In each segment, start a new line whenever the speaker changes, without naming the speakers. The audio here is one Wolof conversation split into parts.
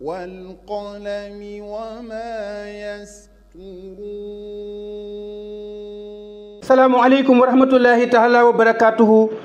والقلم وما يسطرون السلام عليكم ورحمة الله تعالى وبركاته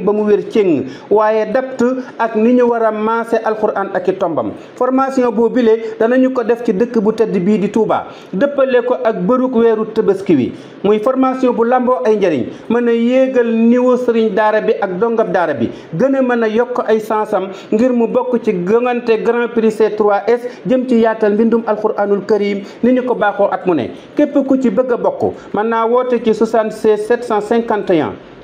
ba mu wér céng waaye dapt ak ni ñu war a maase alxuraan ak i tombam formation boo bile danañu ko def ci dëkk bu tëdd bii di Touba dëppale ko ak bërug weeru tëbaski wi muy formation bu lamboo ay njëriñ mën a yéegal niveau sëriñ daara bi ak dongab daara bi gën a mën a yokk ay sansam ngir mu bokk ci gëngante grand prix C3S jëm ci yaatal mbindum alxuraanul karim ni ñu ko baaxoo ak mu ne képp ku ci bëgg a bokk mën naa woote ci 76 751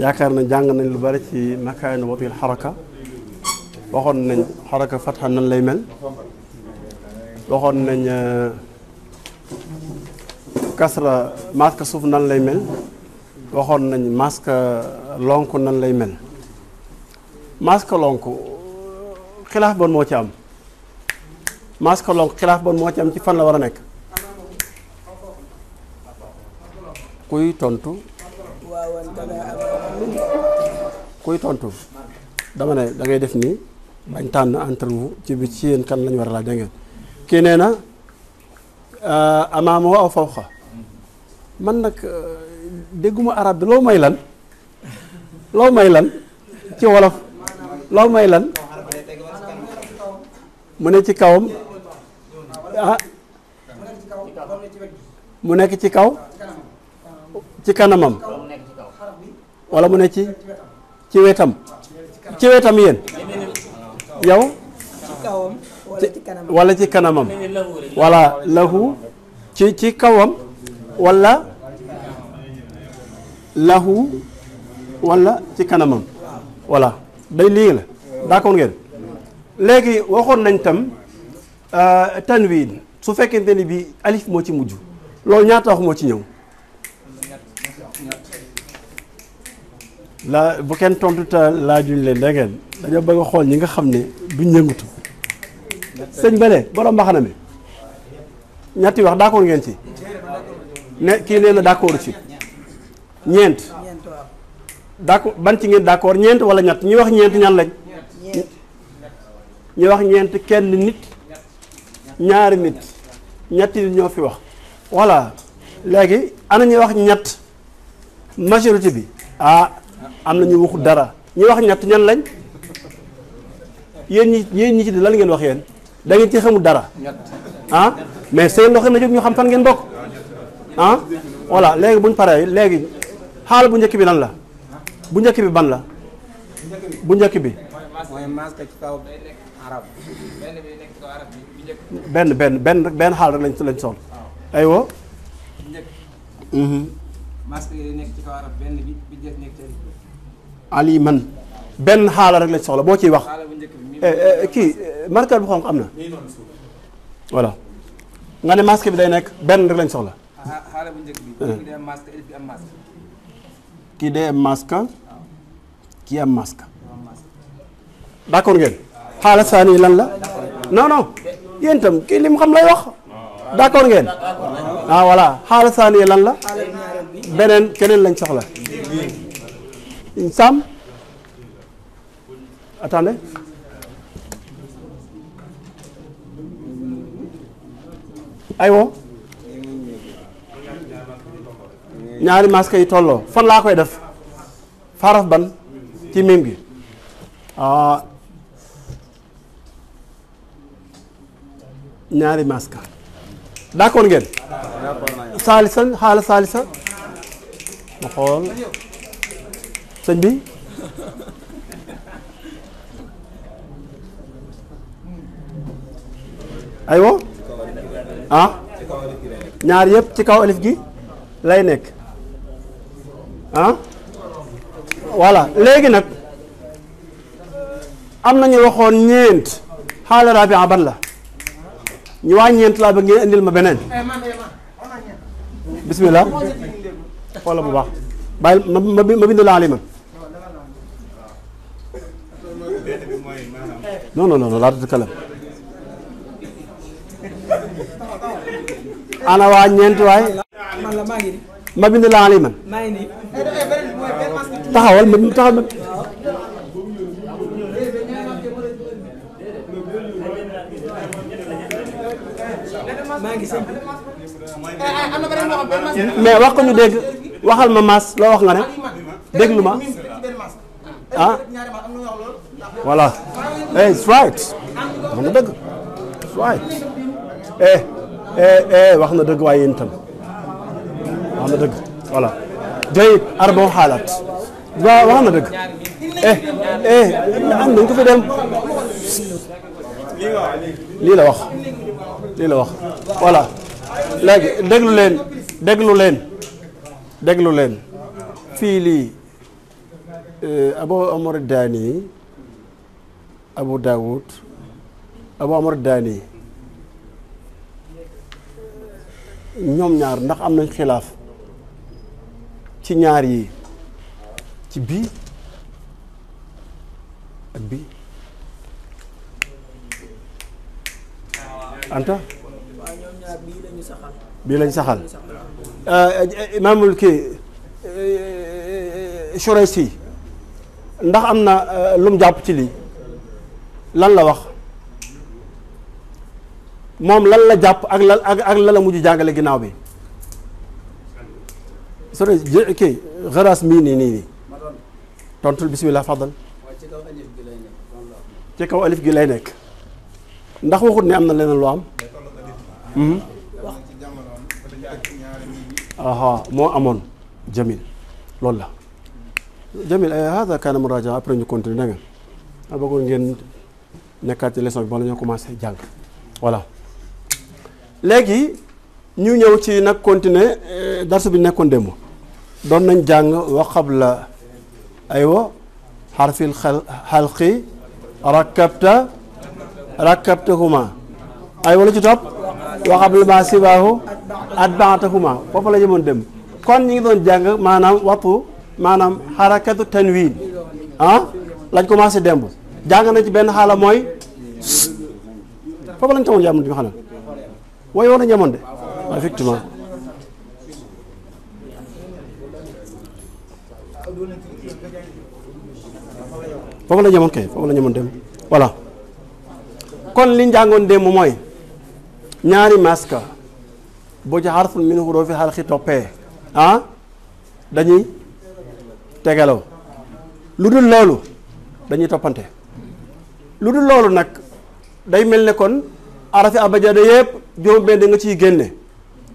yaakaar na jàng nañ lu bari ci makaayinu watil xaraka waxoon nañ xaraka fatxa nan lay mel waxoon nañ euh, kasra maska suuf nan lay mel waxoon nañ maska lonk nan lay mel maska lonk xilaaf bon moo ci am maska lonk xilaaf bon moo ci am ci fan la war a nekk kuy tontu kuy tontu dama ne da ngay def nii bañ tànn entre vous ci bi ci yéen kan lañu war a laaj da kii nee na euh, amaama aw fawxa man nag euh, dégguma arab bi loo may lan loo may lan ci wolof loo may lan mu ne ci kawam ah mu nekk ci kaw ci kanamam wala mu ne ci ci wetam ci wetam yéen yow
wala ci kanamam wala
lahu ci ci kawam walla lahu wala ci kanamam voilà day lii la d'accord ngeen léegi waxoon nañ tam euh, tanwiin su fekkee ni bi alif moo ci mujj loolu ñaata wax moo ci ñëw laa bu kenn tontu te laajuñ leen dégg ngeen dañoo bëgg a xool ñi nga xam ne duñ yëngatu sëñ Bale borom mbaxana mi ñetti wax d'accord ngeen ci ne kii nee na d'accord ci ñeent d'accord ban ci ngeen d'accord ñeent wala ñett ñi wax ñeent ñan lañ ñi wax ñeent kenn nit ñaari nit ñetti nit ñoo fi wax voilà léegi ana ñi wax ñett majorité bi ah, am na ñu waxu dara ñu wax ñett ñan lañ yéen ñi yéen ñi ci lan ngeen wax yeen da ci xamul dara ah mais seen loxo na jóg ñu xam fan ngeen bokk ah voilà léegi buñ paree léegi xaal bu njëkk bi lan la bu njëkk bi ban la bu njëkk bi benn benn benn rek benn xaal rek lañ sol mhm.
ci kaw arab benn
aliman benn xaala rek lañ soxla boo ciy wax
eh, eh, kii eh, marqueur bu xonq am na
voilà nga ne masque bi day nekk benn rek lañ soxla ah,
ah,
kii day am masque kii am masque d'accord ngeen xaala saani lan la non non yéen itam kii li mu xam lay wax d'accord ngeen ah voilà xaala lan la beneen keneen lañ soxla Une somme Attendez. aywo ñaari masque yi tolloo fan laa koy def faaraf ban ci mim gi ah. ñaari masque d'accord ngeen saalisan xaala saalisa ma xool sëñ bi aywa ah ñaar yëpp ci kaw alif gi lay nekk ah voilà léegi nag am na ñu waxoon ñeent xaala rabia ban la ñu waa ñeent laa bëgg ngeen indil ma beneen bismillah xoola bu baax bàyyi ma non non non laa tatakalam ana waa ñeenti waay ma bind laa alima taxawal mais wax ko ñu dégg waxal ma maas la wax nga ne déglu ma ah voilà hey eh, it's right wax na dëgg it's right eh eh eh wax na dëgg waaye yéen wax na dëgg voilà jayit arbon xaalaat waaw wax na dëgg eh eh am nañ ko fi dem lii la wax lii la wax voilà léegi déglu leen déglu leen déglu leen fii lii eh, Abu Amr Daani Abu Daawud Abu Amr ñoom ñaar ndax am nañ xilaaf ci ñaar yi ci bii ak bii Anta bii lañ saxal euh, imaamul kii Shuraysi ndax am na euh, lum jàpp ci lii lan la wax moom lan la jàpp ak lan ak lan la mujj jàngale ginnaaw bi Shuraysi kii Gharas mii nii nii nii tontul bismillah faddal ci kaw alif gi lay nekk ndax waxut ne am na leneen lu am mhm. aha moo amoon jamil loolu la jamil eh, hada kaana muraajaa après ñu continuer da nga a bëggoon ngeen nekkaat ci leçon bi bala ñoo commencé jàng voilà léegi ñu ñëw ci nag continuer eh, darsu bi nekkoon demu doon nañ jàng wa qabla aywa xarfil xalqi rakkabta rakkabtahuma aywa la ci topp waxablu ma sibaahu at baatahuma foofu la jëmoon dem kon ñi ngi doon jàng maanaam wattu maanaam xarakatu tanwin ah lañ commencé demb jàng na ci benn xaala mooy foofu lañ tamoon jàmm diñu xanaa mooy yoon a la jamoon kay foofu la dem voilà kon li njàngoon démb mooy ñaari masque boo ci xarfun min xuruufi xalqi toppee ah dañuy tegalaw lu dul loolu dañuy toppante lu dul loolu nag day mel ne kon arafi abajada yëpp juróom benn nga ciy génne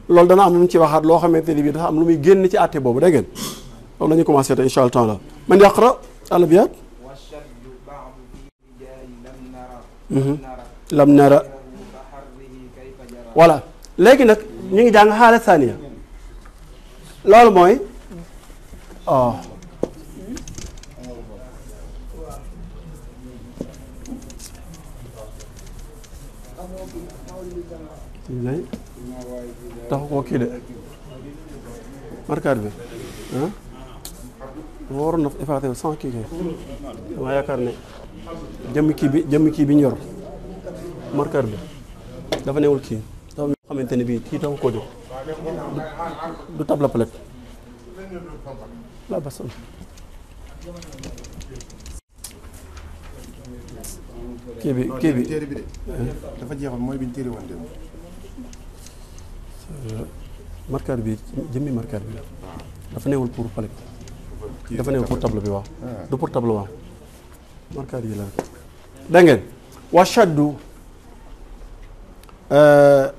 lool dana am lu mu ci waxaat loo xamante ni bii dafa am lu muy génn ci àtte boobu dégg ngeen loolu la ñu commencé te incha allah taala man yaqra alabiyaat lam voilà léegi nag ñu ngi jàng xaala saaniya loolu mooy oh taxu koo kii de markaat bi ah. waroon na effacé bi sans kii kay dama yaakaar ne jëmm kii bi jëmm kii bi ñor markaat bi dafa newul kii doom yoo xamante ne bii kii taxu koo jóg
du palette bi kii bi téere bi de dafa jeexoon mooy bi ñu
euh, bi jëmmi marqueur bi ah. dafa newul pour palette dafa newul pour table ah. du pour table waaw yi la dégg ngeen washaddu euh,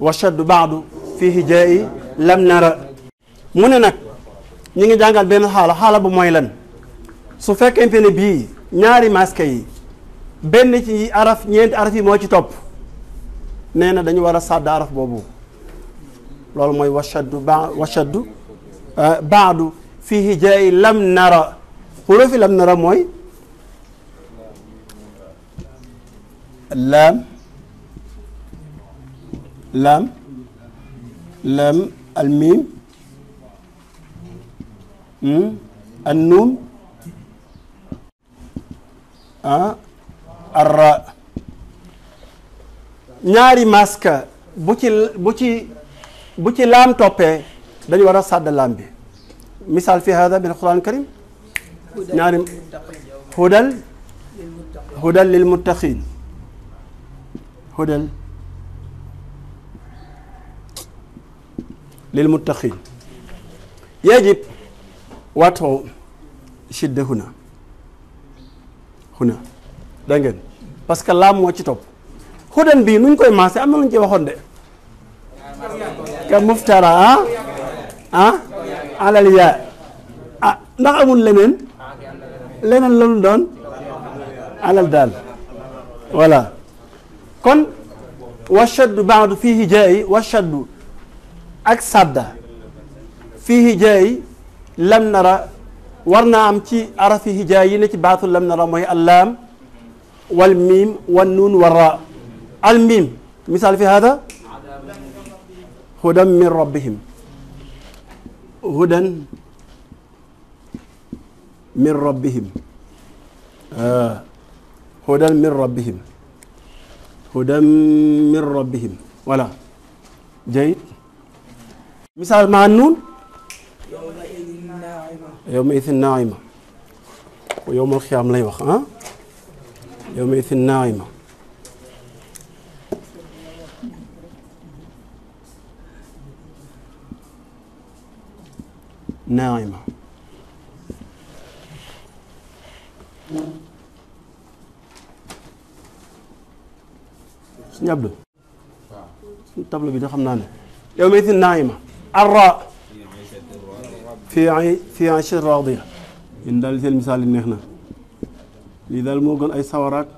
wa shaddu baadu fiihi jaa'i lam nara mu ne nag ñu ngi jàngal benn xaala xaala bu mooy lan su fekkente ne bii ñaari maske yi benn ci araf ñeenti araf yi moo ci topp nee na dañu war a sàdd araf boobu loolu mooy washaddu ba washaddu euh, baadu fiihi jaa'i lam nara xurufi lam nara mooy laam laam laam almiim hmm, annuun ah ñaari maska bu ci bu ci bu ci laam toppee dañu war a sàdd laam bi misaal fi hada min alquran karim ñaari hudal lil muttaqin hudal للمتقين يجب وضع شدة هنا هنا dégg ngeen parce que laam moo ci topp xudan bi nuñ koy maase am na ci waxoon de ka muftara ah, ah? alal yaa ah ndax amul leneen leneen lañu doon alal daal voilà kon washaddu baadu fihi jaayi washaddu ak sadda fii hijaay lam nara war naa am ci arafi hijaay yi ne ci baatu lam nara mooy allaam wal miim wan nuun war raa al miim misaal fi hada hudan min rabbihim hudan min rabbihim ah, hudan min rabbihim hudan min rabbihim voilà jayit misaal maa nuun yow ma itin naayima yow mal xiyaam lay wax ah yow ma itin naayima naayima suñu abdu suñu table bi da xam naa ne yow ma itin naayima arra fi fi anchet radia neex na lii daal moo gën ay sawaraak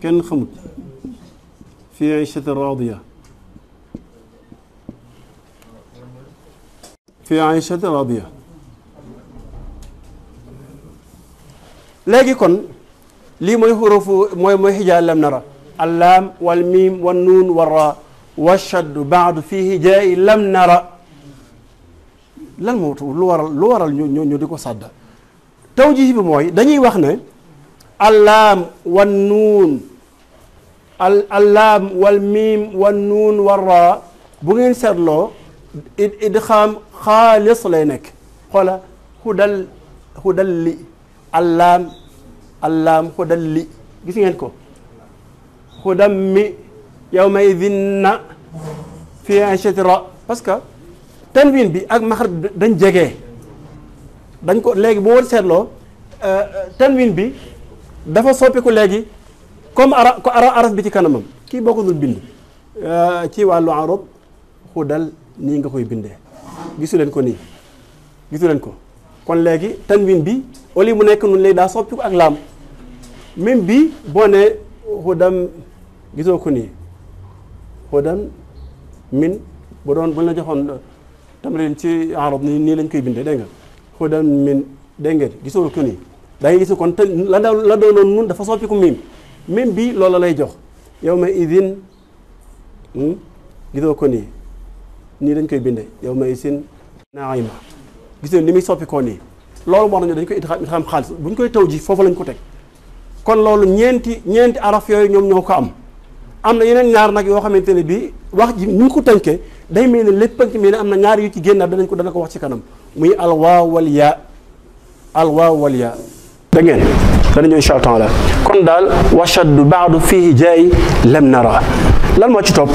kenn xamut fi anchet radia fi kon lii mooy xurufu mooy mooy lam nara allaam wal miim wan washaddu baadu fiihi jaayi lam nara lan moo lu waral lu waral ñu ñu ñu di ko sàdda tawjih bi mooy dañuy wax ne allaam wan nuun al allaam wal miim wan nuun war raa bu ngeen seetloo id idxaam xaalis lay nekk xoola xudal xudal li allaam allaam xudal li gis ngeen ko xudam mi may idin na fi anchati ra parce que tanwin bi ak maxar dañ jege dañ ko léegi boo war seetloo euh, euh, tanwin bi dafa soppiku léegi comme ara ko ara araf bi ci kanamam kii boo ko dul bind euh, ci wàllu arab xudal nii nga koy bindee gisu leen ko nii gisu leen ko kon léegi tanwin bi au lieu mu nekk nun lay daa soppiku ak laam même bi boo ne xudam gisoo ko nii hudan min bu doon buñ la joxoon euh, tamrin ci arab ni nii lañ koy bindee dégg nga hudan min dégg ngeen gisoo ko nii da gis kon te la daaw la doonoon nun dafa soppiku bii loola lay jox yow ma hmm? gisoo ko nii nii dañ koy bindee yow ma isin naayma gisoo ni muy soppikoo nii loolu moo tax ñu dañ koy itxaam itxaam xaalis bu ñu koy taw ji foofu lañ ko teg kon loolu ñeenti ñeenti araf yooyu ñoom ñoo ko am am na yeneen ñaar nag yoo xamante ne bii wax ji ni ñu ko tënkee day mel ne lépp ci mel ne am na ñaar yu ci génnaat danañ ko dana ko wax ci kanam muy alwaaw wal yaa alwaaw wal yaa da ngeen danañu incha allah taala kon daal washaddu baadu fihi jaay lam nara lan moo ci topp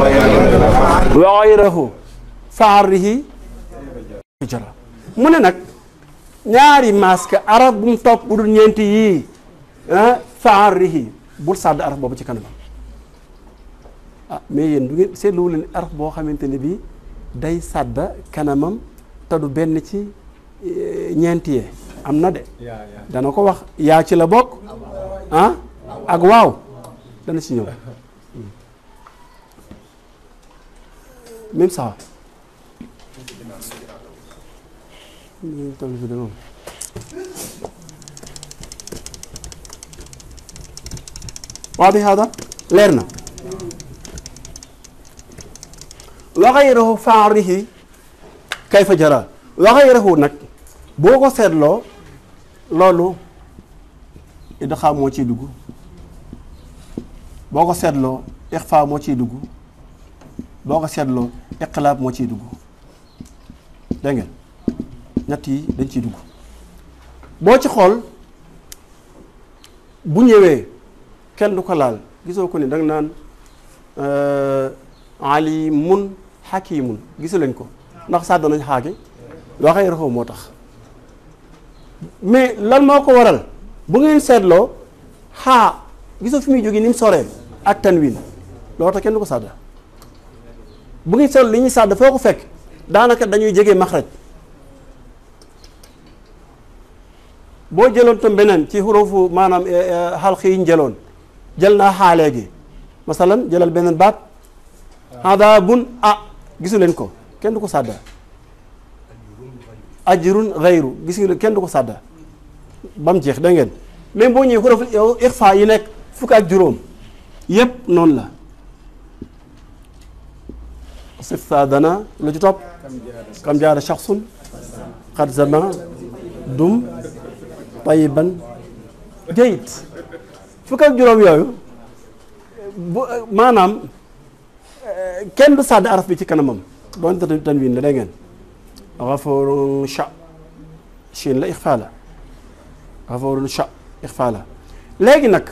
wa gayrahu faarihi jara mu ne nag ñaari masque arab bu mu topp bu dul ñeenti yii ah, faarihi bul sàdd arab boobu ci kanam ah mais yéen du ngeen seetluwu leen boo xamante ne bii day sàdda kanamam te benn ci eh, ñeenti yee am na de dana ko wax yaa ci la bokk ah? ak waaw dana ci ñëw hmm. même ça waaw bi hada leer na wa xayruhu faarihi kayfa jara wa xayruhu nag boo ko seetloo loolu idxaam moo ciy dugg boo ko seetloo ixfaa moo ciy dugg boo ko seetloo iqlaab moo ciy dugg dégg ñett yi dañ ciy dugg boo ci xool bu ñëwee kenn du ko laal gisoo ko ni danga naan euh, alimun xakiimun gisu leen ko ndax sàdd nañ xaaki waxee raxoo moo tax mais lan moo ko waral bu ngeen seetloo xaa gisoo fi muy jógee ni mu soree ak tanwin loo tax kenn du ko sàdd bu ngeen seetloo li ñuy sàdd ko fekk daanaka dañuy jege maxraj boo jëloon tam beneen ci maanaam eh, eh, xalq yi jël naa xaalee gi masalan jëlal beneen baat xadaa bun a gisu leen ko kenn du ko sàdda ajrun xayru gis ngeen kenn du ko sàdda ba jeex da ngeen mais boo ñëwee xuruful ixfa yi nekk fukk ak juróom yépp noonu la sifta dana lu ci topp kam jaara shaxsun xad zama dum tayiban jayit fukk juróom yooyu maanaam kenn du sàdd araf bi ci kanamam doon tanwin la da ngeen xafoorun cha chin la ixfa la xafoorun cha ixfa la léegi nag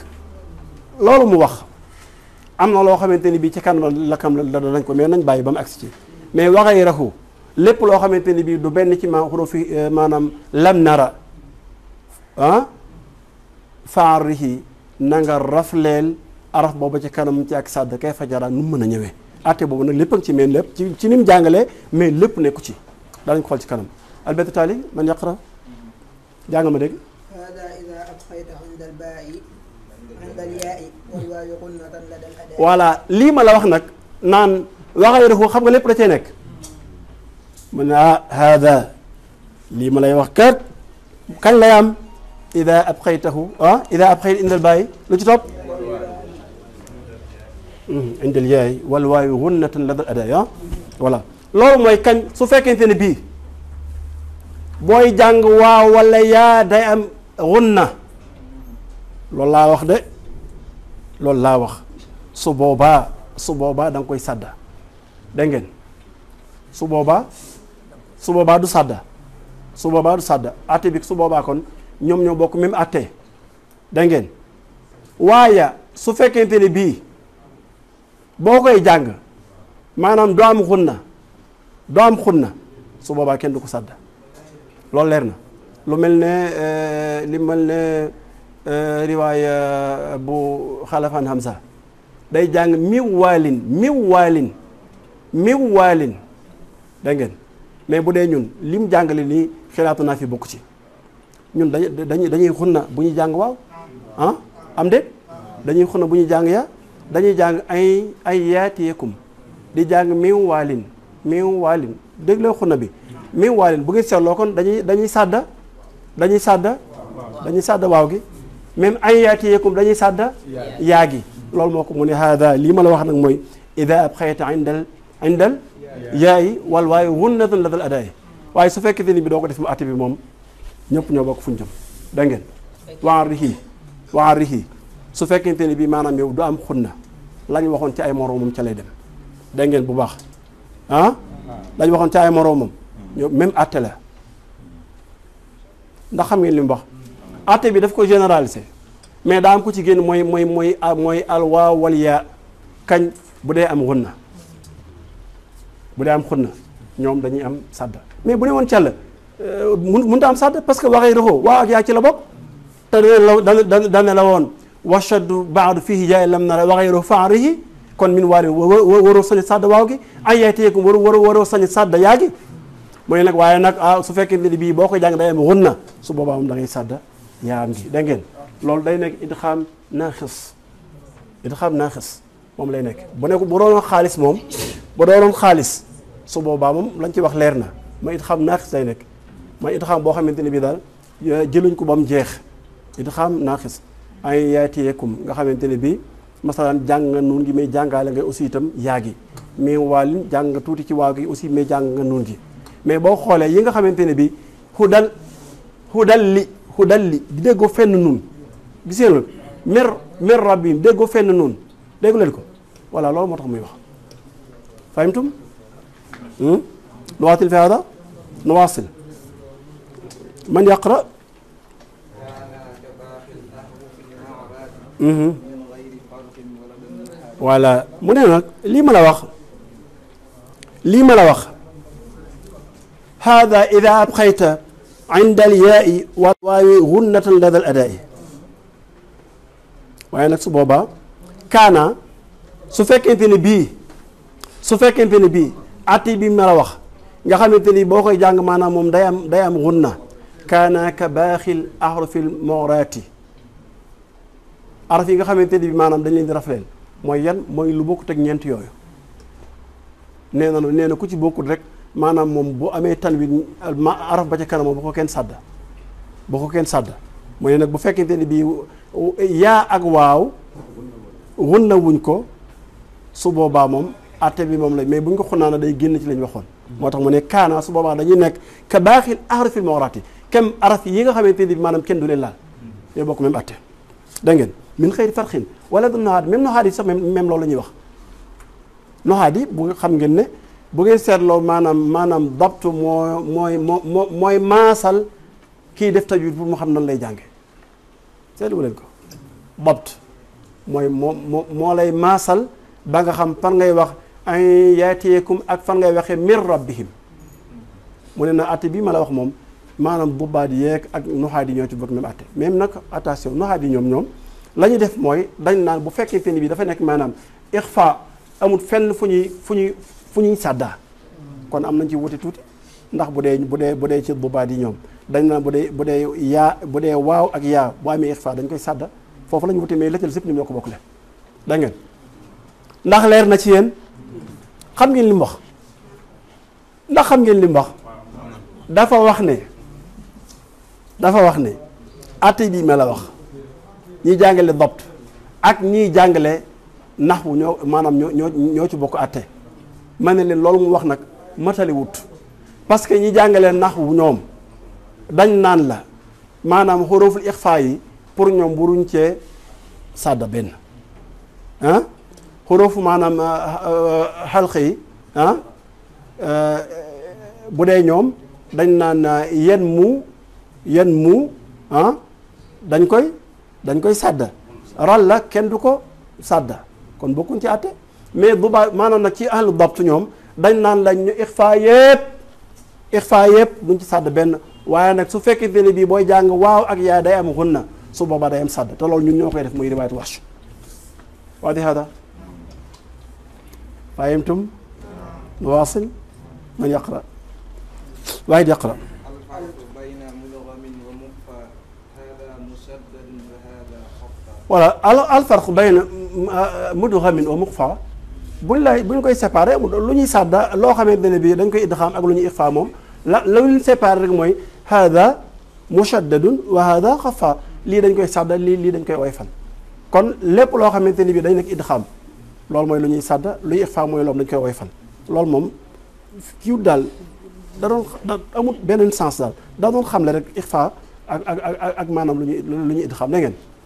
loolu mu wax am na loo xamante ni bii ci kanam la kam la danañ ko mais nañ bàyyi ba mu agsi ci mais yi raxu lépp loo xamante ni bii du benn ci ma xuruf euh, maanaam lam nara ah faarihi na nga rafleel araf booba ci kanam ci ak sàdd kay fajaraa nu mën a ñëwee atte boobu nag lépp a ngi ci mais lépp ci ci ni mu jàngalee mais lépp nekku ci daanañ ko xool ci kanam albert taali man yaqra jàngal ma dégg voilà lii ma la wax nag naan waxay rek xam nga lépp da cee nekk mu ne ah hada lii ma lay wax kat kañ lay am ida abxaytahu ah ida abxayt indal bàyyi lu ci topp indil yaay wala waaye wunnatan la dal adaya voilà loolu mooy kañ su fekkente ne bii booy jàng waaw wala yaa day am wunna loolu laa wax de loolu laa wax su boobaa su boobaa da koy sàdda dégg ngeen su boobaa su boobaa du sàdda su boobaa du sàdda atte bi su boobaa kon ñoom ñoo bokk même atte dégg waaye su fekkente ne bii boo koy jàng maanaam doo am xunna doo am xunna su boobaa kenn du ko sàdd loolu leer na lu mel ne eh, li mel ne eh, riwaaya bu xalafaan Hamza day jàng miw waalin miw waalin miw waalin dégg ngeen mais bu dee ñun lim jàngale nii xelaatu naa fi bokk ci ñun dañuy dañuy na bu ñuy jàng waaw ah am déet dañuy xunna bu ñuy jàng ya dañuy jàng ay ay yeekum di jàng miw waalin miw waalin dégloo xuna bi miw waalin bu ngeen seetloo kon dañuy dañuy sàdda dañuy sàdda dañuy sàdda waaw gi même ay yaatiyekum dañuy sàdda yaa gi loolu moo ko mu ne haada lii ma la wax nag mooy ida ab xayta indal indal yaayi wal waaye wun na tan la dal adaayi waaye su fekkee ni bi doo ko def mu ati bi moom ñëpp ñoo bokk fuñ jëm da ngeen waar su fekkente ne bii maanaam yow du am xunna lañ waxoon ci ay moroomam ca lay dem dégg ngeen bu baax ah lañ waxoon ci ay moroomam ñoom même àtte la ndax xam ngeen li mu wax bi daf ko généraliser mais daa ko ci génn mooy mooy mooy ah, mooy alwaa walyaa kañ bu dee am xunna bu dee am xunna ñoom dañuy am sàdd mais bu ne woon càll euh, mun mënut am sàdd parce que waxee roxo waa ak yaa ci la bokk te dana la woon wa shaddu baadu fihi jaay lam na wa xayru faarihi kon min waali waroo sañ sadda waaw gi ay wa teyeekum waru waru waroo sañ sadda yaa gi mu ne nag waaye nag ah su fekkente ni bii boo ko jàng day am xun na su boobaa moom da ngay sadda yaam gi dégg ngeen loolu day nekk idxaam naaxis idxaam naaxis moom lay nekk bu nekk bu doonoon xaalis moom bu doonoon xaalis su boobaa moom lañ ci wax leer na ma idxaam naaxis lay nekk ma idxaam boo xamante ne bii daal jëluñ ko ba mu jeex idxaam naaxis ay yaatiyeekum nga xamante ne bii masalan jàng nga nuun gi mais jàngaale nga aussi itam yaa gi mais waalin jàng nga tuuti ci waa gi aussi mais jàng nga nuun gi mais boo xoolee yi nga xamante ne bii xudal xudal li xudal li di déggoo fenn nuun gisee loolu mer mer rabbi déggoo fenn nuun déggu leen ko voilà loolu moo tax muy wax fahimtum hmm? nuwaatil fi hada nuwaasil man yaqra Mhm. voilà mu ne nag lii ma la wax lii ma la wax hada ida abqayta inda alyaai wa waawi gunnatan lada al waaye nag su booba kaana su fekkente ne bii su fekkente ne bii atti bi ma la wax nga xamante ni boo koy jàng maanaam moom day am day am gunna kaana ka baaxil ahrufil moraati araf yi nga xamante ni bi maanaam dañ leen di rafleel mooy yan mooy lu bokkut ak ñeent yooyu nee na nee na ku ci bokkut rek maanaam moom bu amee tanwin ma araf ba ca kanam bu ko kenn sàdd bu ko kenn sàdd mooy nag bu fekkente ni bii yaa ak waaw wun na wuñ ko su boobaa moom atte bi moom la mais buñ ko xunaana day génn ci lañ waxoon moo tax mu ne kaana su boobaa dañuy nekk ka baaxin ahrafil mawraati kem araf yi nga xamante ni bi maanaam kenn du leen laal ñooy bokk même atte da ngeen min xëyri farxin wala du noxaat même noxaat yi sax même même loolu ñuy wax noxaat yi bu xam ngeen ne bu ngeen seetloo maanaam maanaam dabtu moo mooy moo mooy maasal kii def tajwid pour mu xam nan lay jànge seetlu leen ko dabt mooy moo moo moo lay maasal ba nga xam fan ngay wax an yaatiyekum ak fan ngay waxee min rabbihim mu ne na at bii ma la wax moom maanaam bubbaat yeeg ak noxaa di ñoo ci bokk même atte même nag attention noxaat yi ñoom ñoom la ñu def mooy dañ naan bu fekkente ni bi dafa nekk maanaam ixfa amul fenn fu ñuy fu ñuy fu ñuy sàddaa kon am nañ ci wuti tuuti ndax bu dee bu dee bu dee ci bubbaat di ñoom dañ naan bu dee bu dee yaa bu dee waaw ak yaa bu amee ixfa dañ koy sàdda foofu la ñu wuti mais lëccal sëpp ni ñoo ko bokk le da ndax leer na ci yéen xam ngeen li mu ndax xam ngeen li mu wax ne dafa wax ne atte bii ma la wax ñiy jàngale dopt ak ñiy jàngale naxwu ñoo maanaam ñoo ñoo ci bokk atte ma ne leen loolu mu wax nag matali wut parce que ñi jàngalee wu ñoom dañ naan la maanaam xuruful ixfa yi pour ñoom buruñ cee sàdda benn ah maanaam ah, ah, xalq yi ah? eh, bu dee ñoom dañ naan yen mu yan mu ah, dañ koy dañ koy sàdda ral la kenn du ko sàdda kon bokkuñ ci àtte mais bu baa maanaam nag ci ahlu dabt ñoom dañ naan lañ ñu ixfa yëpp ixfa yëpp buñ ci sàdd benn waaye nag su fekkente ne bii booy jàng waaw ak yaay day am na su booba day am sàdd te loolu ñun ñoo koy def muy riwaayat wax waadi hada fahimtum nuwasil man yaqra waaye voilà al farq bayna mudghamin wa muqfa buñ lay buñ koy séparé lu ñuy sàdda loo xamee benn bi dañ koy idgham ak lu ñuy ikhfa moom la la ñu séparé rek mooy hada mushaddadun wa hada xafa lii dañ koy sàdda lii lii dañ koy woyfal kon lépp loo xamante ni bi dañ nekk idgham loolu mooy lu ñuy sàdda luy ikhfa mooy loom dañ koy fan loolu moom kiiw daal da doon amul beneen sens daal da doon xamle rek ikhfa ak ak ak ak maanaam lu ñuy lu ñuy idgham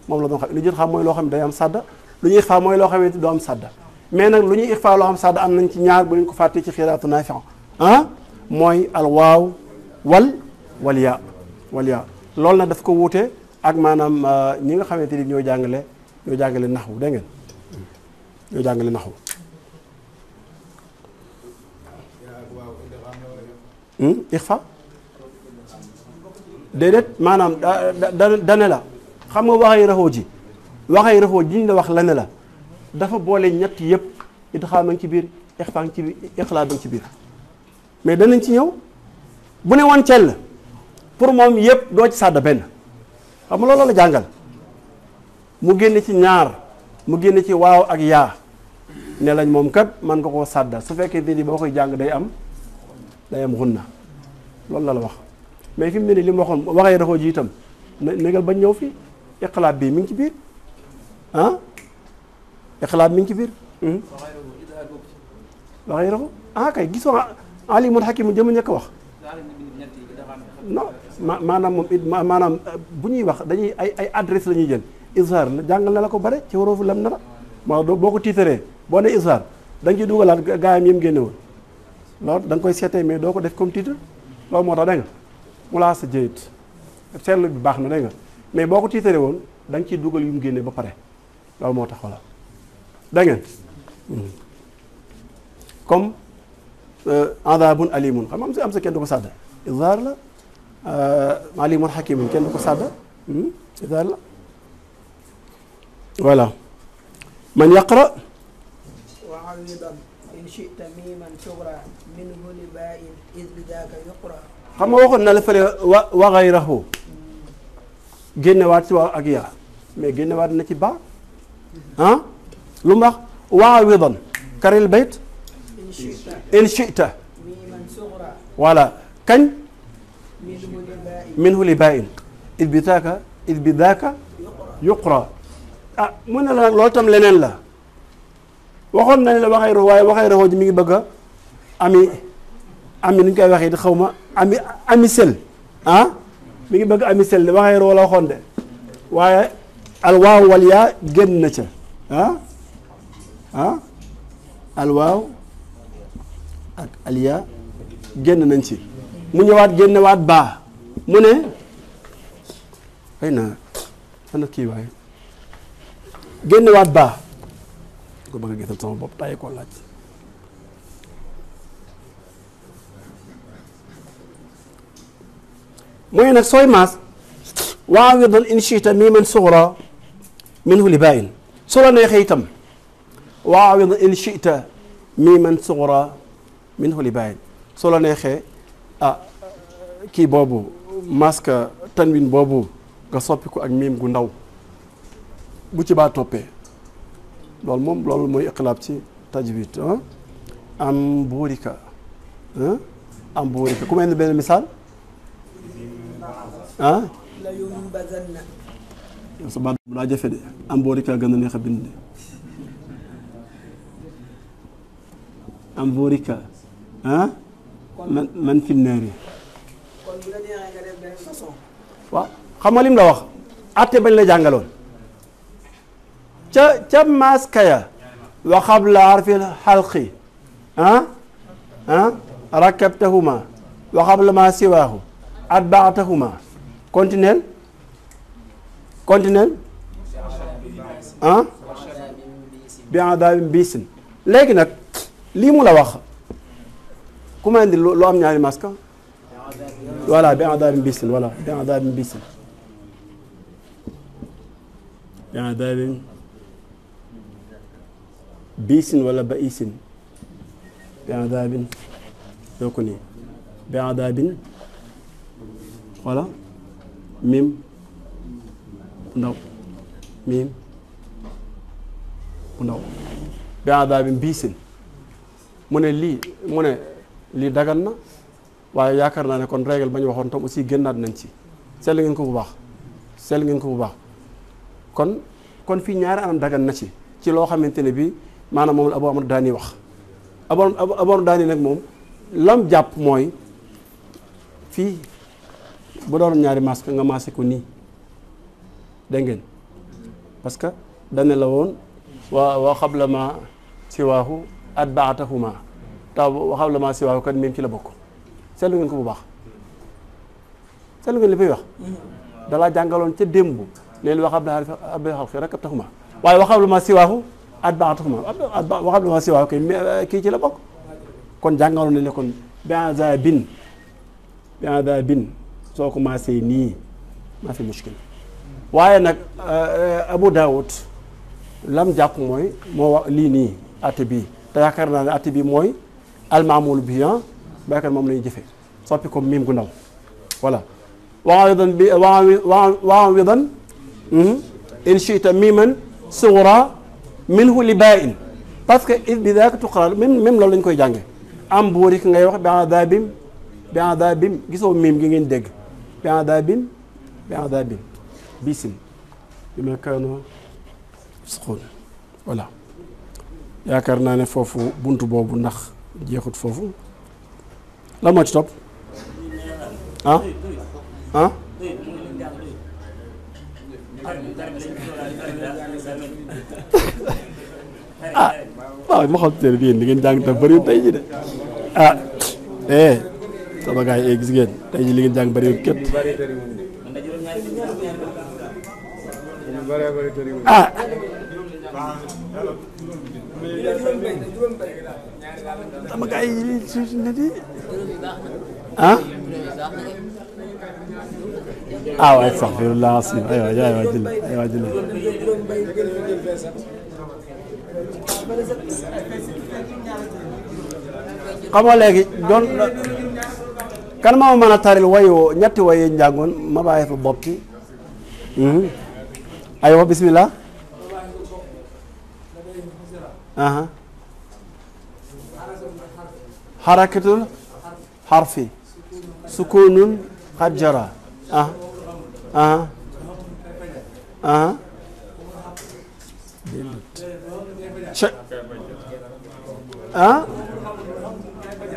moom la doon xam lu jot xam mooy loo xam ne day am sadda lu ñuy ixfa mooy loo xam ne du am mais nag lu ñuy ixfa loo xam sadda am nañ ci ñaar bu ñu ko fàttee ci xiraatu naafi ah mooy al waaw wal wal yaa wal yaa loolu nag daf ko wuute ak maanaam euh, ñi nga xamante ni ñoo jàngale ñoo jàngale naxwu dégg ngeen ñoo jàngale naxwu hmm, ixfa déedéet maanaam da da dane la xam nga waxay raxoo ji waxay raxoo ji ñu la wax la ne la dafa boole ñett yëpp idxaam a ci biir ixfaa ci biir ixlaab ci biir mais danañ ci ñëw bu ne woon cell pour moom yëpp doo ci sàdda benn xam nga loolu la jàngal mu génn ci ñaar mu génn ci waaw ak yaa ne lañ moom kat man nga koo sàdda su fekkee déedéet boo koy jàng day am day am na loolu la la wax mais fi mu ne li mu waxoon waxee raxoo ji itam négal bañ ñëw fii iqlaab bii mi ngi ci biir ah iqlaab mi ngi ci biir. Hmm? wax dëgg ah kay gisoo alimul hakim jëm ñëkk wax. non maanaam moom it maanaam euh, bu ñuy wax dañuy ay ay adresse la ñuy jël izhar jàngal na la ko bare ci waroofu lam na la moo boo ko tiitaree boo ne izhar da nga ciy dugalaat gaayam yëm génne woon loolu da nga koy seetee mais doo ko def comme titre loolu moo tax dégg nga mu laa sa jëyit seetlu bi baax na dégg nga mais boo ko tiitaree woon da nga ciy dugal yu mu génne ba pare loolu moo tax wala da ngeen hmm. comme euh, adabun alimun xam am sa am sa kenn du ko sàdda izar la euh, alimun hakimun kenn du ko sàdda hmm? izar la voilà man yaqra
waaidan in chita miman sugra minhu libain iz bidaaka yuqra
xam nga waxoon na la fële wa wa gayrahu génnewaat si waaw ak yaa mais génnewaat na ci baa ah lu mu wax waawidan karil bayt in chita voilà kañ minhu li baa in daaka yuqra ah mu ne la nag loolu tam leneen la waxoon nañ la waxay rox waaye waxay roxoo mi ngi bëgg a ami ami nu ñu koy waxee di xaw ma ami sel mi ngi bëgg ami sell waxee roo la waxoon de waaye alwaaw wal génn na ca ah ah alwaaw ak alyaa génn nañ ci mu ñëwaat génne waat baa mu ne xëy na ana kii waaye génne waat baa ko bëgg a gisal sama bopp tàyyi koo laaj mu ne nag sooy maas waawidan in chita miiman suxra minhu li baayin su la neexee itam waawidan in chita miiman suxra minhu li baayin su la neexee ah kii boobu masque tanwin boobu nga soppi ko ak miim gu ndaw bu ci baa toppee loolu moom loolu mooy iqlaab ci tajwid ah. am buurika ah. am buurika ku mel ni benn misaal ah. sa baat daa jafe de am boorikaa gën a neex a bind de am man man fi naar la neexee nga def la wax. atte bañ la jàngaloon. ca ca maaskaya. wa qabla arfi xalqi ah ah rakabtahuma wa qabla ma siwaahu atbaatahuma continuel continuel ah bi adabin biisin léegi nag lii mu la wax ku ma indi lu am ñaari masque voilà bi adabin biisin wala bi adabin biisin wala ba isin bi adabin doo ko nii bi adabin mim bu ndaw mim bu ndaw bi adaabin mu ne lii mu ne lii dagan na waaye yaakaar naa ne kon régal ba ñu waxoon tam ussi génnaat nañ ci sell ngeen ko bu baax sell ngeen ko bu baax kon kon fii ñaari anam dagan na ci ci loo xamante ne bi maanaam moom la Abu Amr Daani wax Abu Amr Daani nag moom lam jàpp mooy fii bu doon ñaari masque nga maase ko nii dégg ngeen parce que dane la woon waa waa xabla ma siwaahu at baatahuma taw waa xabla ma siwaahu kat miim ci la bokk seetlu ngeen ko bu baax seetlu ngeen li fay wax dalaa jàngaloon ca démb neen waa xabla abdul xalqi rek ab waaye waa ma siwaahu at baatahuma waa xabla ma siwaahu kay euh, kii ci la bokk kon jàngaloon nañ ne kon bi'adaabin bi'adaabin soo commencé nii maa fi mushkil waaye nag euh, euh, Abu Daawud lam jàpp mooy moo wax lii nii àtte bii te yaakaar naa ne àtte bi mooy almaamul bi yaakaar moom lañu jëfe soppi ko miim gu ndaw voilà waawidan bi waawidan hmm, in chita miiman sughra minhu li baa'in parce que it bi daaka tuqaral même même loolu lañ koy jànge am buurik ngay wax bi adabim bi adabim gisoo miim gi ngeen dégg bi adabin bi adabin bisim bi ma kaanoo suqoon voilà yaakaar naa ne foofu bunt boobu ndax jeexut foofu la moo ci topp ah ah ah waaw xam te ne yéen di ngeen jàng te bëriwul tey jii de ah eh sama gars yi gis ngeen tey jii li ngeen jàng bëriwul képp ah. sama gars yi suuf nit yi ah.
ah waaye sax fi la
as yi aywa aywa jël aywa jël xam kan moo mën a taril wayoo ñetti waye njàngoon ma bàyyi fa bopp ci mhm. aywa bismillah aha xarakatul xarfi sukunun xad jara aha aha aha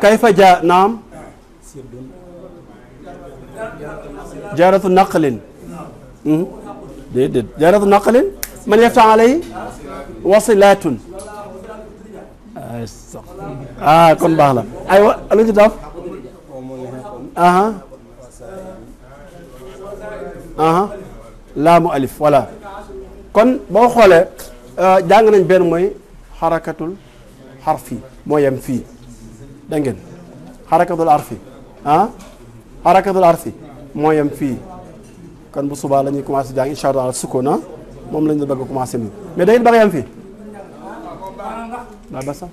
kayfa jaa naam jaaratu naqlin hmm? déedéet jaaratu naqlin man yafta alay wasilatun ah kon baax la ay wa lu ci daf aha alif voilà kon boo xoolee euh, jàng nañ benn mooy xarakatul xarfi moo yem fii dangeen ngeen xarakatul arfi ah xarakatul arfi mooy yem fii kan bu subaa la ñuy commencé jàng incha allah sukkoona moom lañ la bëgg a commencé nii mais da ngeen bëgg a yem fii. laa basa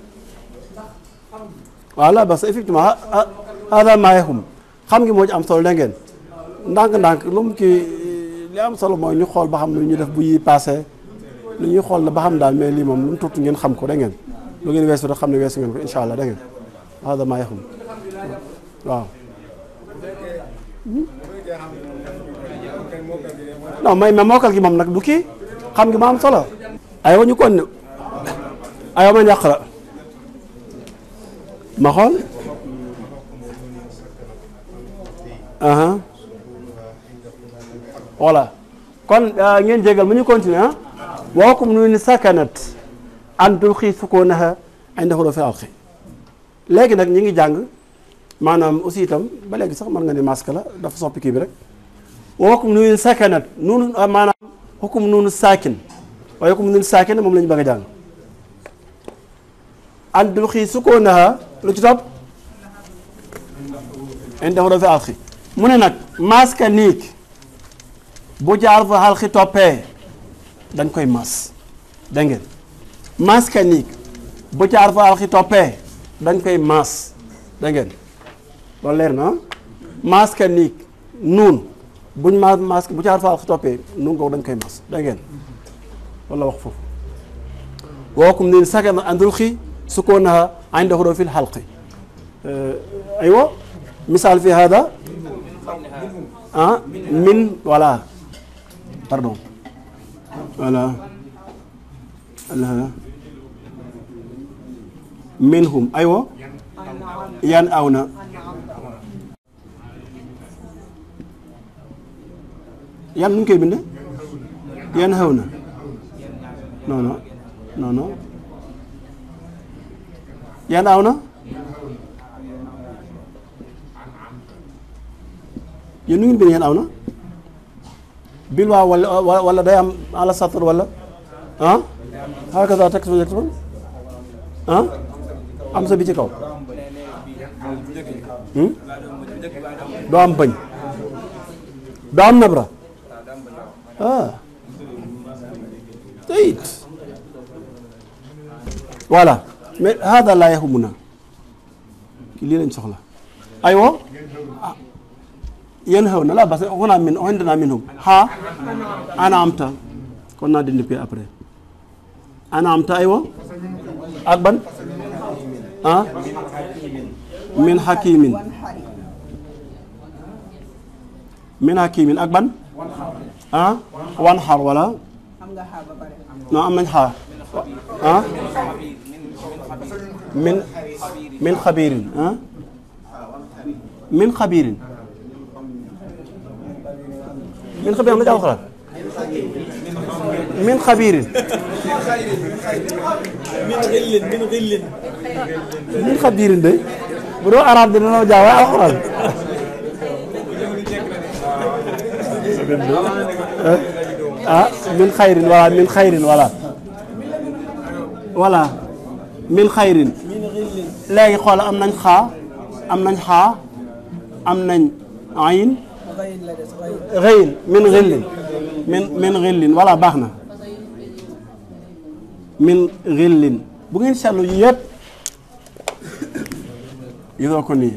waaw laa basa effectivement hada maa yaxum xam ngi moo ci am solo da ngeen ndànk-ndànk lu mu kii li am solo mooy ñu xool ba xam lu ñuy def bu yi passé lu ñuy xool la ba xam daal mais lii moom lu mu ngeen xam ko da ngeen lu ngeen weesu rek xam ne weesu ngeen ko incha allah non may ma mokkal gi moom nag du kii xam ngi ma am solo aywa ñu kon aywa ma njàq la ma xool aha voilà kon euh, ngeen jégal mu ñu continuer ah waxukum nu ni sakanat an tulxi sukunaha inda hurufi alqi léegi nag ñi ngi jàng maanaam aussi itam ba léegi sax mën nga ne masque la dafa soppi kii bi rek wa hukum nuun sakanat nuun ah, maanaam hukum nuun saakin waaye hukum nuun saakin moom la ñu bëgg a jàng andul xii sukoonaha lu ci topp indaxu dafa alxi mu ne nag maska niig bu jaar fa alxi toppee dañ koy mas dégg ngeen bu jaar fa alxi dañ koy mas dégg loolu leer na masque nii nuun buñ ma masque bu ci arfa alxu toppee nuun googu dañ koy mas da ngeen wax foofu wookum nin sakana andulxi sukonaha inda hurufil xalqi eh, aywa misaal fi hada
ah, min
voilà pardon voilà minhum aywa yan aw yan nu bindee yan xaw na
non non non non
yan aw na yéen bindee yan aw bil waaw wala day am ala satr wala ah hakaza teg ah am sa bi ci kaw hmm? doo am bëñ doo am nabra ah tayib voilà hada laa yaxumuna lii lañ soxla aywa ah. yan xew na la parce min on min hum ana amta kon naa dindi pe après ana amta aywa
ak ban ah min hakimin
min hakimin ak ban ah wan xar wala non am nañ xaar ah
min min xabiirin
ah min xabiirin min xabiirin am na ci alxuraan min xabiirin min xabiirin de bu doon arab dina noo jaaw waaye alxuraan ah min xayrin wala min xayrin wala min xayrin léegi xool am nañ xaa am nañ xaa am nañ ayin xëyin min xillin min min wala baax na min xillin bu ngeen seetlu yëpp gisoo ko nii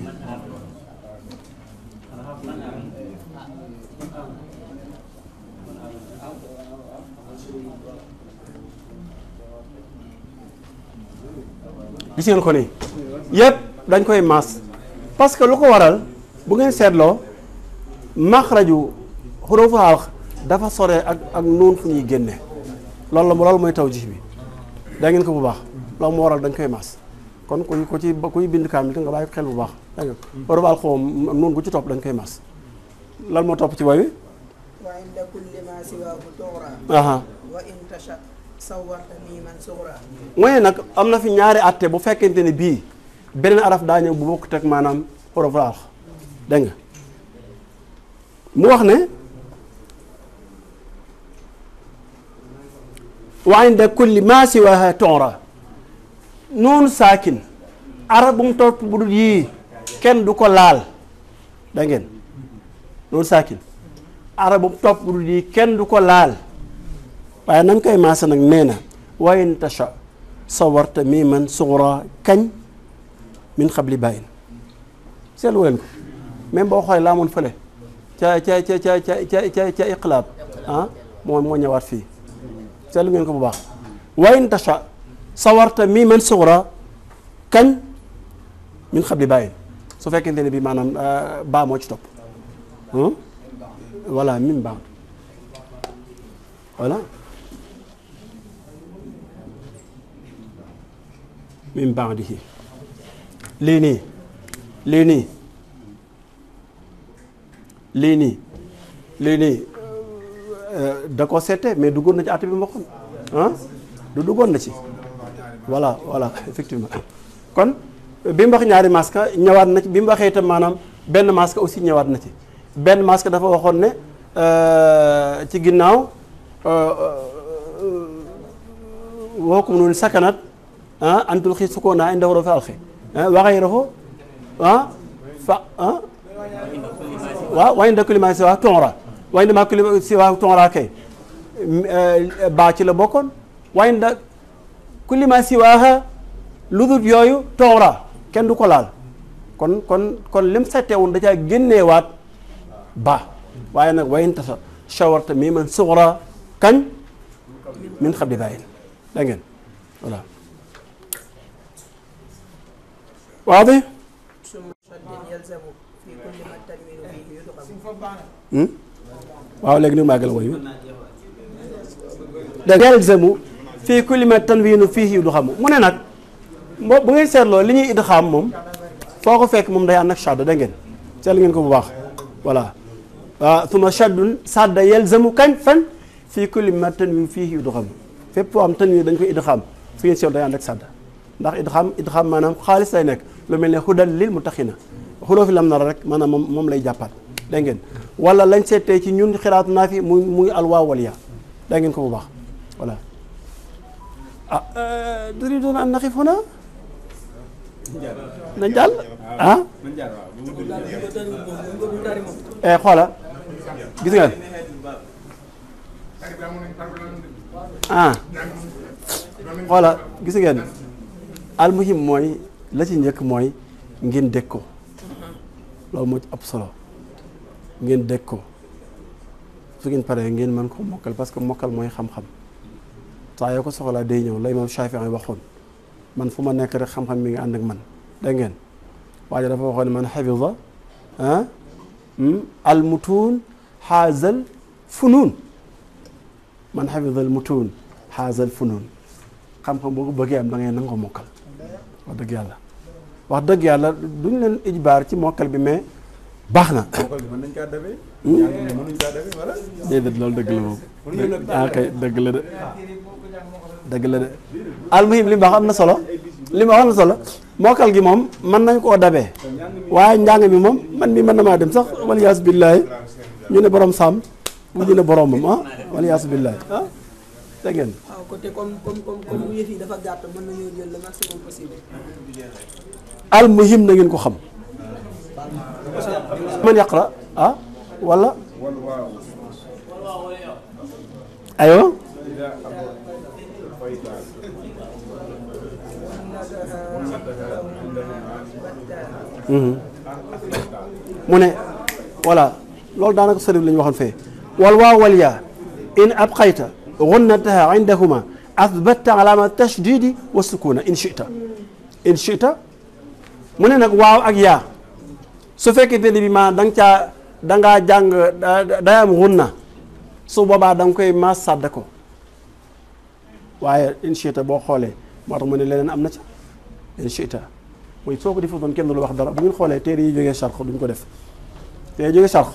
gis ngeen ko nii yëpp dañ koy mas parce que lu ko waral bu ngeen seetloo maxraju xurufu alx dafa sore ak ak noon fu ñuy génne loolu la loolu mooy taw ji bi da ngeen ko bu baax loolu moo waral dañ koy maas kon kuy ko ci kuy bind kaamil te nga bàyyi xel bu baax da ngeen xurufu alx moom noon ci topp dañ koy maas lan moo topp ci woy wi waaye nag am na fi ñaari atte bu fekkente ne bii beneen araf daa bu bokkut ak maanaam orofraal dégg nga mu wax ne wa inda kulli ma siwaha tonra noonu saakin arab bu mu topp bu yii kenn du ko laal da ngeen noonu saakin arab bu mu topp bu yii kenn du ko laal waaye nañ koy maase nag nee na wayen tasha sawarta mii man suxura kañ min xabli bàyyin seetlu leen ko même boo xoolee laamoon fële ca ca ca ca ca ca ca iqlaab ah moo ñëwaat fii seetlu ngeen ko bu baax wayen tasha sawarta mii man suxura kañ min xabli bàyyin su fekkente ne bi maanaam ah, baa moo ci topp ah, voilà min baa voilà min baadihi lii nii lii nii lii nii lii nii euh, da ko seete mais duggoon na ci àtte bi ma xoon ah duggoon na ci voilà voilà effectivement kon bi mu wax ñaari masque ñëwaat na ci bi mu waxee itam maanaam benn masque aussi ñëwaat na ci benn masque dafa waxoon ne euh, ci ginnaaw euh, woo noonu sakanat antul xi sukkoona inda huruf alxi waxayrahu fa waaw kulli maa siwaa tonra wa inda maa kulli siwaa tonra kay baa ci la bokkoon wa inda kulli maa siwaaha lu yooyu tonra kenn du ko laal kon kon kon lim setteewul da caa génneewaat ba waaye nag wa inta shawarta mii man suxra kañ min xam di bàyyin da واضح؟ hmm? waaw léegi nag màggal wayu da yalzamu fii kulli ma tanwiinu fiihi idxaamu mu ne nag moo bu ngay seetloo li ñuy idxaam moom foo fekk moom day ànd ak shadda da ngeen seetlu ngeen ko bu baax voilà waaw ah, suma shaddun sadda yalzamu kañ fan fii kulli ma tanwiinu fiihi idxaamu fépp foo am tanwiin dañ koy idxaam su ngeen seetloo day ànd sadda ndax idxaam idxaam maanaam xaalis lay nekk lu mel ne xudal lil mu taxi na xuloo fi lam nar rek maanaam moom moom lay jàppal dégg ngeen wala lañ seetee ci ñun xiraatu naa fi muy muy alwaawal yaa dégg ngeen ko bu baax voilà ah duri doon am naxif xuna ah xoola gis ngeen almuhim mooy la ci njëkk mooy ngeen dégg ko mm-hmm. loolu moo ci ab solo ngeen dégg ko su ngeen paree ngeen mën ko mokkal parce que mokkal mooy xam-xam saa yoo ko soxlaa day ñëw lay moom Shaafi ay waxoon man fu ma nekk rek xam-xam mi ngi ànd ak man dégg ngeen waaye dafa waxoon ne man xafida ah hmm, al mutuun xaazal funuun man xafida al mutuun xaazal funuun xam-xam boo ko bëggee am da ngay nangoo mokkal wax dëgg yàlla wax dëgg yàlla duñ leen ijbaar ci mokkal bi mais baax na. mokkal nañ kaa defee. mënuñ kaa loolu dëgg la moom. ah dëgg la de. dëgg la de almuhim li baax am na solo li mu am na solo mokkal gi moom mën nañ koo dabee waaye njàng mi moom man mi mën na maa dem sax waliyaas billaahi ñu ne borom sam mu ñu ne borom moom ah waliyaas billaahi ah dégg ngeen.
waaw mën nañoo
al muhim na ngeen ko xam man yaqra ah wala aywa mhm. mu ne voilà loolu daanaka sëriñ la ñu waxoon fee wal waaw wal yaa in abqayta gunnataha indahuma asbatta alaama tashdidi wa sukuna in chita in chita mu ne nag waaw ak yaa su fekkente ni bi ma danga caa da jàng day am na su boobaa da nga koy maas sàdd ko waaye inchita boo xoolee moo tax mu ne leneen am na ca inchita mooy soo ko di doon kenn du wax dara bu ngeen xoolee téere yi jógee sarx duñ ko def téere jógee sarx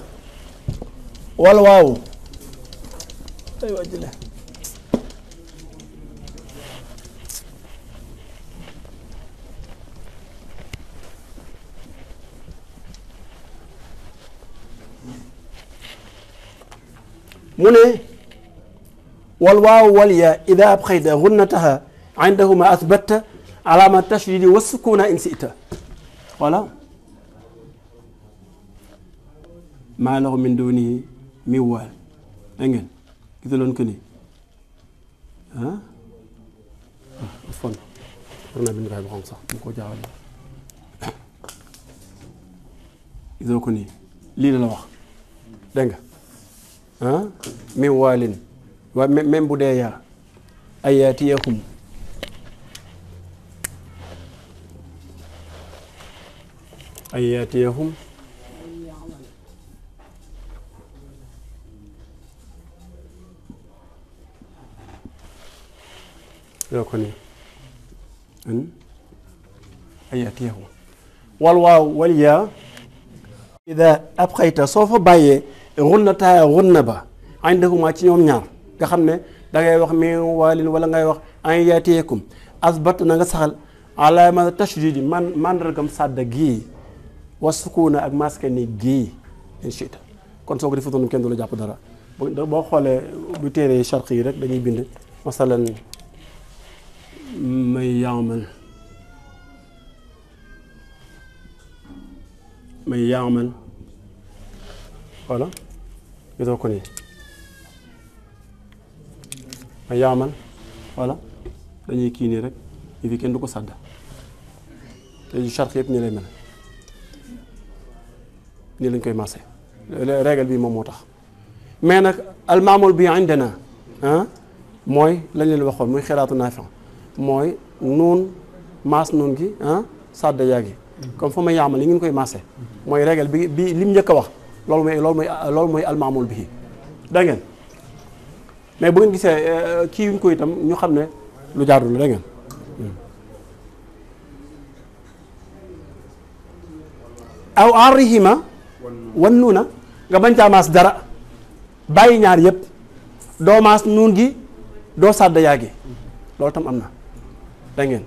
wala waaw. mu ne wal waaw wal yaa ida abxayta gunnataha indahuma asbatta alaama tashdidi wa sukuna in sita voilà maa lahu min duni mi waal da ngeen gisaloon ko ah fon war naa bind lii la la wax dégg ah waalin wa bu dee yaa ayaatiyahum ayaatiyahum yoo ko nii ayaatiyahum wal yaa ida ab xayta soo fa bàyyee runna taaya runna ba indahuma ci ñoom ñaar nga xam ne dangay wax mi waalin wala ngay wax an yaatiyekum asbat na nga saxal alaama tashdidi man mandargam sàdda gii wa sukuuna ak maske ni gii in chita kon soo ko defee noonu kenn du la jàpp dara boo xoolee bu téere charq yi rek dañuy bind masalan may yaamal may yaamal voilà gisoo ko nii ah, voilà dañuy kii nii rek yi fi kenn du ko sàdda te yu charx yëpp nii lay mel nii lañ koy maase régal bi moom moo tax mais nag almaamul bi indana ah, mooy lañ leen waxoon muy xelaatu naafi mooy nuun maas nuun gi ah, sàdda yaa gi comme fa ma yaaman yi ngeen koy maase mooy régal bi bi lim njëkk a wax loolu mooy loolu mooy loolu mooy almaamul bi da ngeen mais bu ngeen gisee euh, kii yuñ ko itam ñu xam ne lu jaarul da ngeen hmm. aw arrihima wan nuuna nga bañ maas dara bàyyi ñaar yëpp doo maas nuun gi doo sàdda yaa gi loolu tam am na da ngeen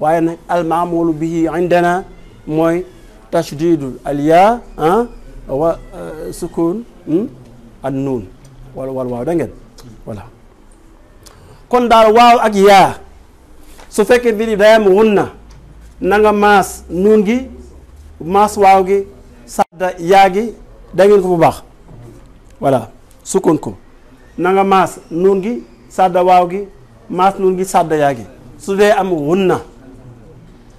waaye nag almaamulu bihi indana mooy tashdidul alyaa ah, wa eh, sukun hmm? ak nuun wal wal waaw da kon daal waaw ak yaa su fekkee bi yi day am wunna na nga maas nuun gi maas waaw gi sadda yaa gi da ko bu baax voilà sukkoon ko na maas nuun gi sadda waaw gi maas nuun gi sadda yaa gi su dee am na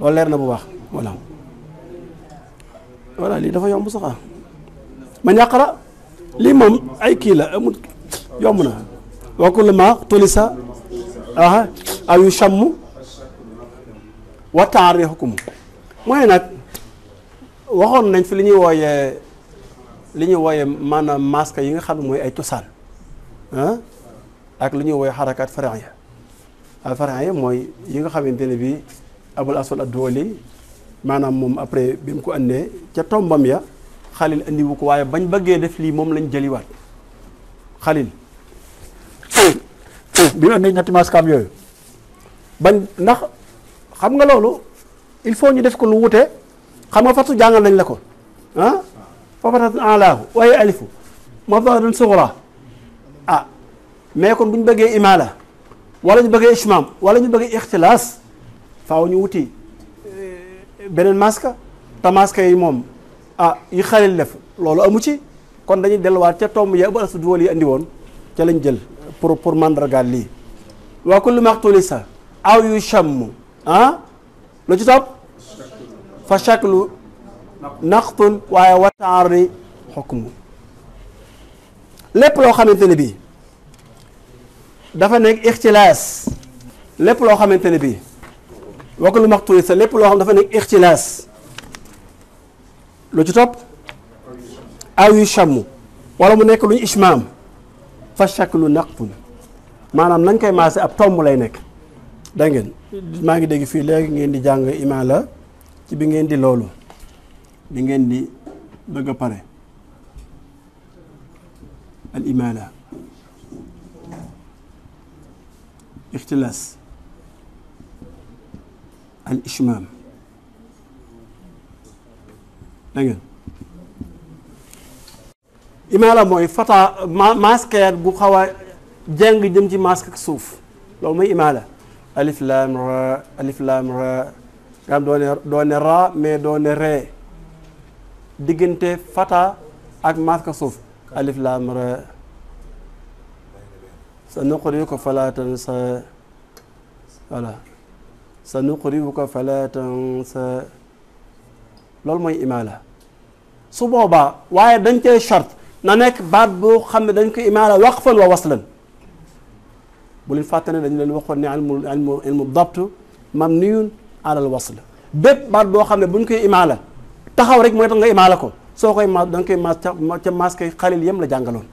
loolu leer na bu baax voilà voilà lii dafa yomb sax ah. man yàqara lii moom ay kii la amul yomb na wa kullu ma tulisa aha ayu shamm wa taari xukum mooy nag waxoon nañ fi li ñuy wooyee li ñuy wooyee maanaam masque yi nga xam mooy ay cosaan ah ak li ñuy wooyee xarakaat faran ya al faran ya mooy yi nga xamante ne bi abul aswad ad-duwali maanaam moom après bi mu ko andee ca tombam ya xalil indiwu ko waaye bañ bëggee def lii moom lañ jëliwaat xalil bi mu indi ñetti maskaam yooyu bañ ndax xam nga loolu il faut ñu def ko lu wute xam nga fatu jàngal nañ la ko ah fafatatan alaahu waaye alifu mafdadan suxra ah mais kon bu ñu bëggee imaala walla ñu bëggee ishmaam wala ñu bëggee ixtilaas faaw ñu wuti euh, beneen maska te yi moom ah yi xalil def loolu amu ci kon dañuy delluwaat ca tomb ya ba asud wal yi andi woon ca lañ jël pour pour mandargaal lii waa kullu maxtuli sa aw yu chamm ah, lu ci topp fa chaklu naqtul waaye wataari xukmu lépp loo xamante ne bii dafa nekk ixtilaas lépp loo xamante ne bii waa kullu maxtuli sa lépp loo xam dafa nekk ixtilaas lu ci topp aw yu sàmm wala mu nekk lu ñu ismaam fa shaklu naqtun maanaam nañ koy maase ab tomb lay nekk da ngeen maa ngi dégg fii léegi ngeen di jàng imaala ci bi ngeen di loolu di ngeen di bëgg a pare al imaa la ixtilaas al ishmaam dégg nga imaala mooy fata masquer gu xaw a jëm ci masque ak suuf loolu mooy imaala alif lam ra alif lam ra nga xam doo ree diggante fata ak masque ak suuf alif lam sa nuqri'uka fala tansa voilà sa nuqri'uka fala tansa loolu mooy imaala su boobaa waaye dañ cee charte na nekk baat boo xam ne dañ ko imaala waqfan wa waslan bu leen fàtte ne dañ leen waxoon ne ilmu ilmu ilmu dabt mabniyun ala al wasl bépp baat boo xam ne buñ koy imaala taxaw rek mooy tax nga imaala ko soo koy maas da nga koy maas ca maas kay xalil yem la jàngaloon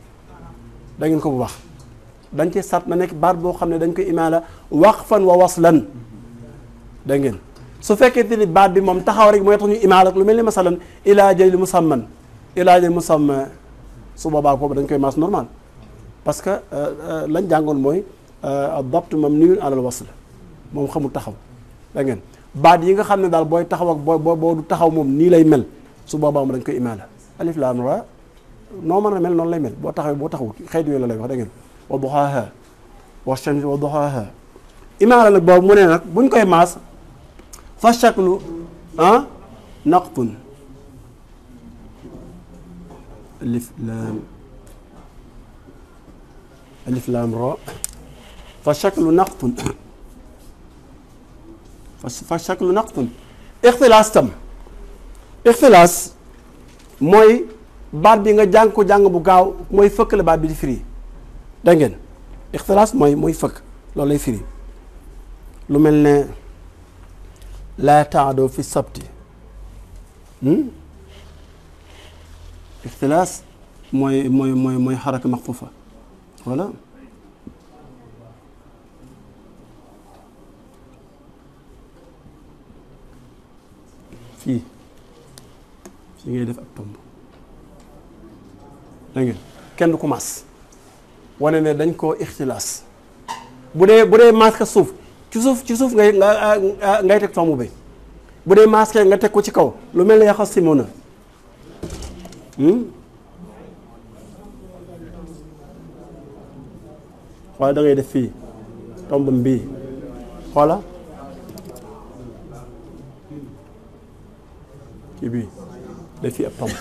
da ngeen ko bu baax dañ cee sart na nekk baat boo xam ne dañ koy imaala waqfan wa waslan da ngeen su fekkente ni baat bi moom taxaw rek mooy tax ñu imaalat lu mel ni masalan ilaa jël musamman ilaa jël musamman su boobaa boobu dañ koy maas normal parce que euh, euh, lañ jàngoon mooy euh, dabt mabniyun alal wasl xamul taxaw da baat yi nga xam ne daal booy taxaw ak booy taxaw moom nii lay mel su boobaa moom dañ koy imaala alif laam ra noo mën a mel noonu lay mel boo taxawee boo taxawut xeet yooyu la lay wax da ngeen wa duxaaha wa shamsi wa duxaaha imaala nag boobu mu ne nag buñ koy maas fa shaklu ah naqtun alif laam alif laam ro fa shaklu naqtun fa shaklu naqtun ixtilaas tam mooy baat bi nga jàng ko jàng bu gaaw mooy fëkk la baat bi di firi dégg ngeen ixtilaas mooy mooy fëkk loolu lay firi lu mel ne laa taadoo fi sabti hmm? ixtilaas mooy mooy mooy mooy xaraka maxfufa voilà fii fii ngay def ab tomb dégg kenn du ko maas wane ne dañ koo ixtilaas bu dee bu dee maas ka suuf ci suuf ci suuf ngay nga ah, ah, ngay teg tomb bi bu dee masqué nga teg ko ci kaw lu mel ne yaxas simona wala hmm? da ngay def fii tombam bii xoola kii bii def fii ab tomb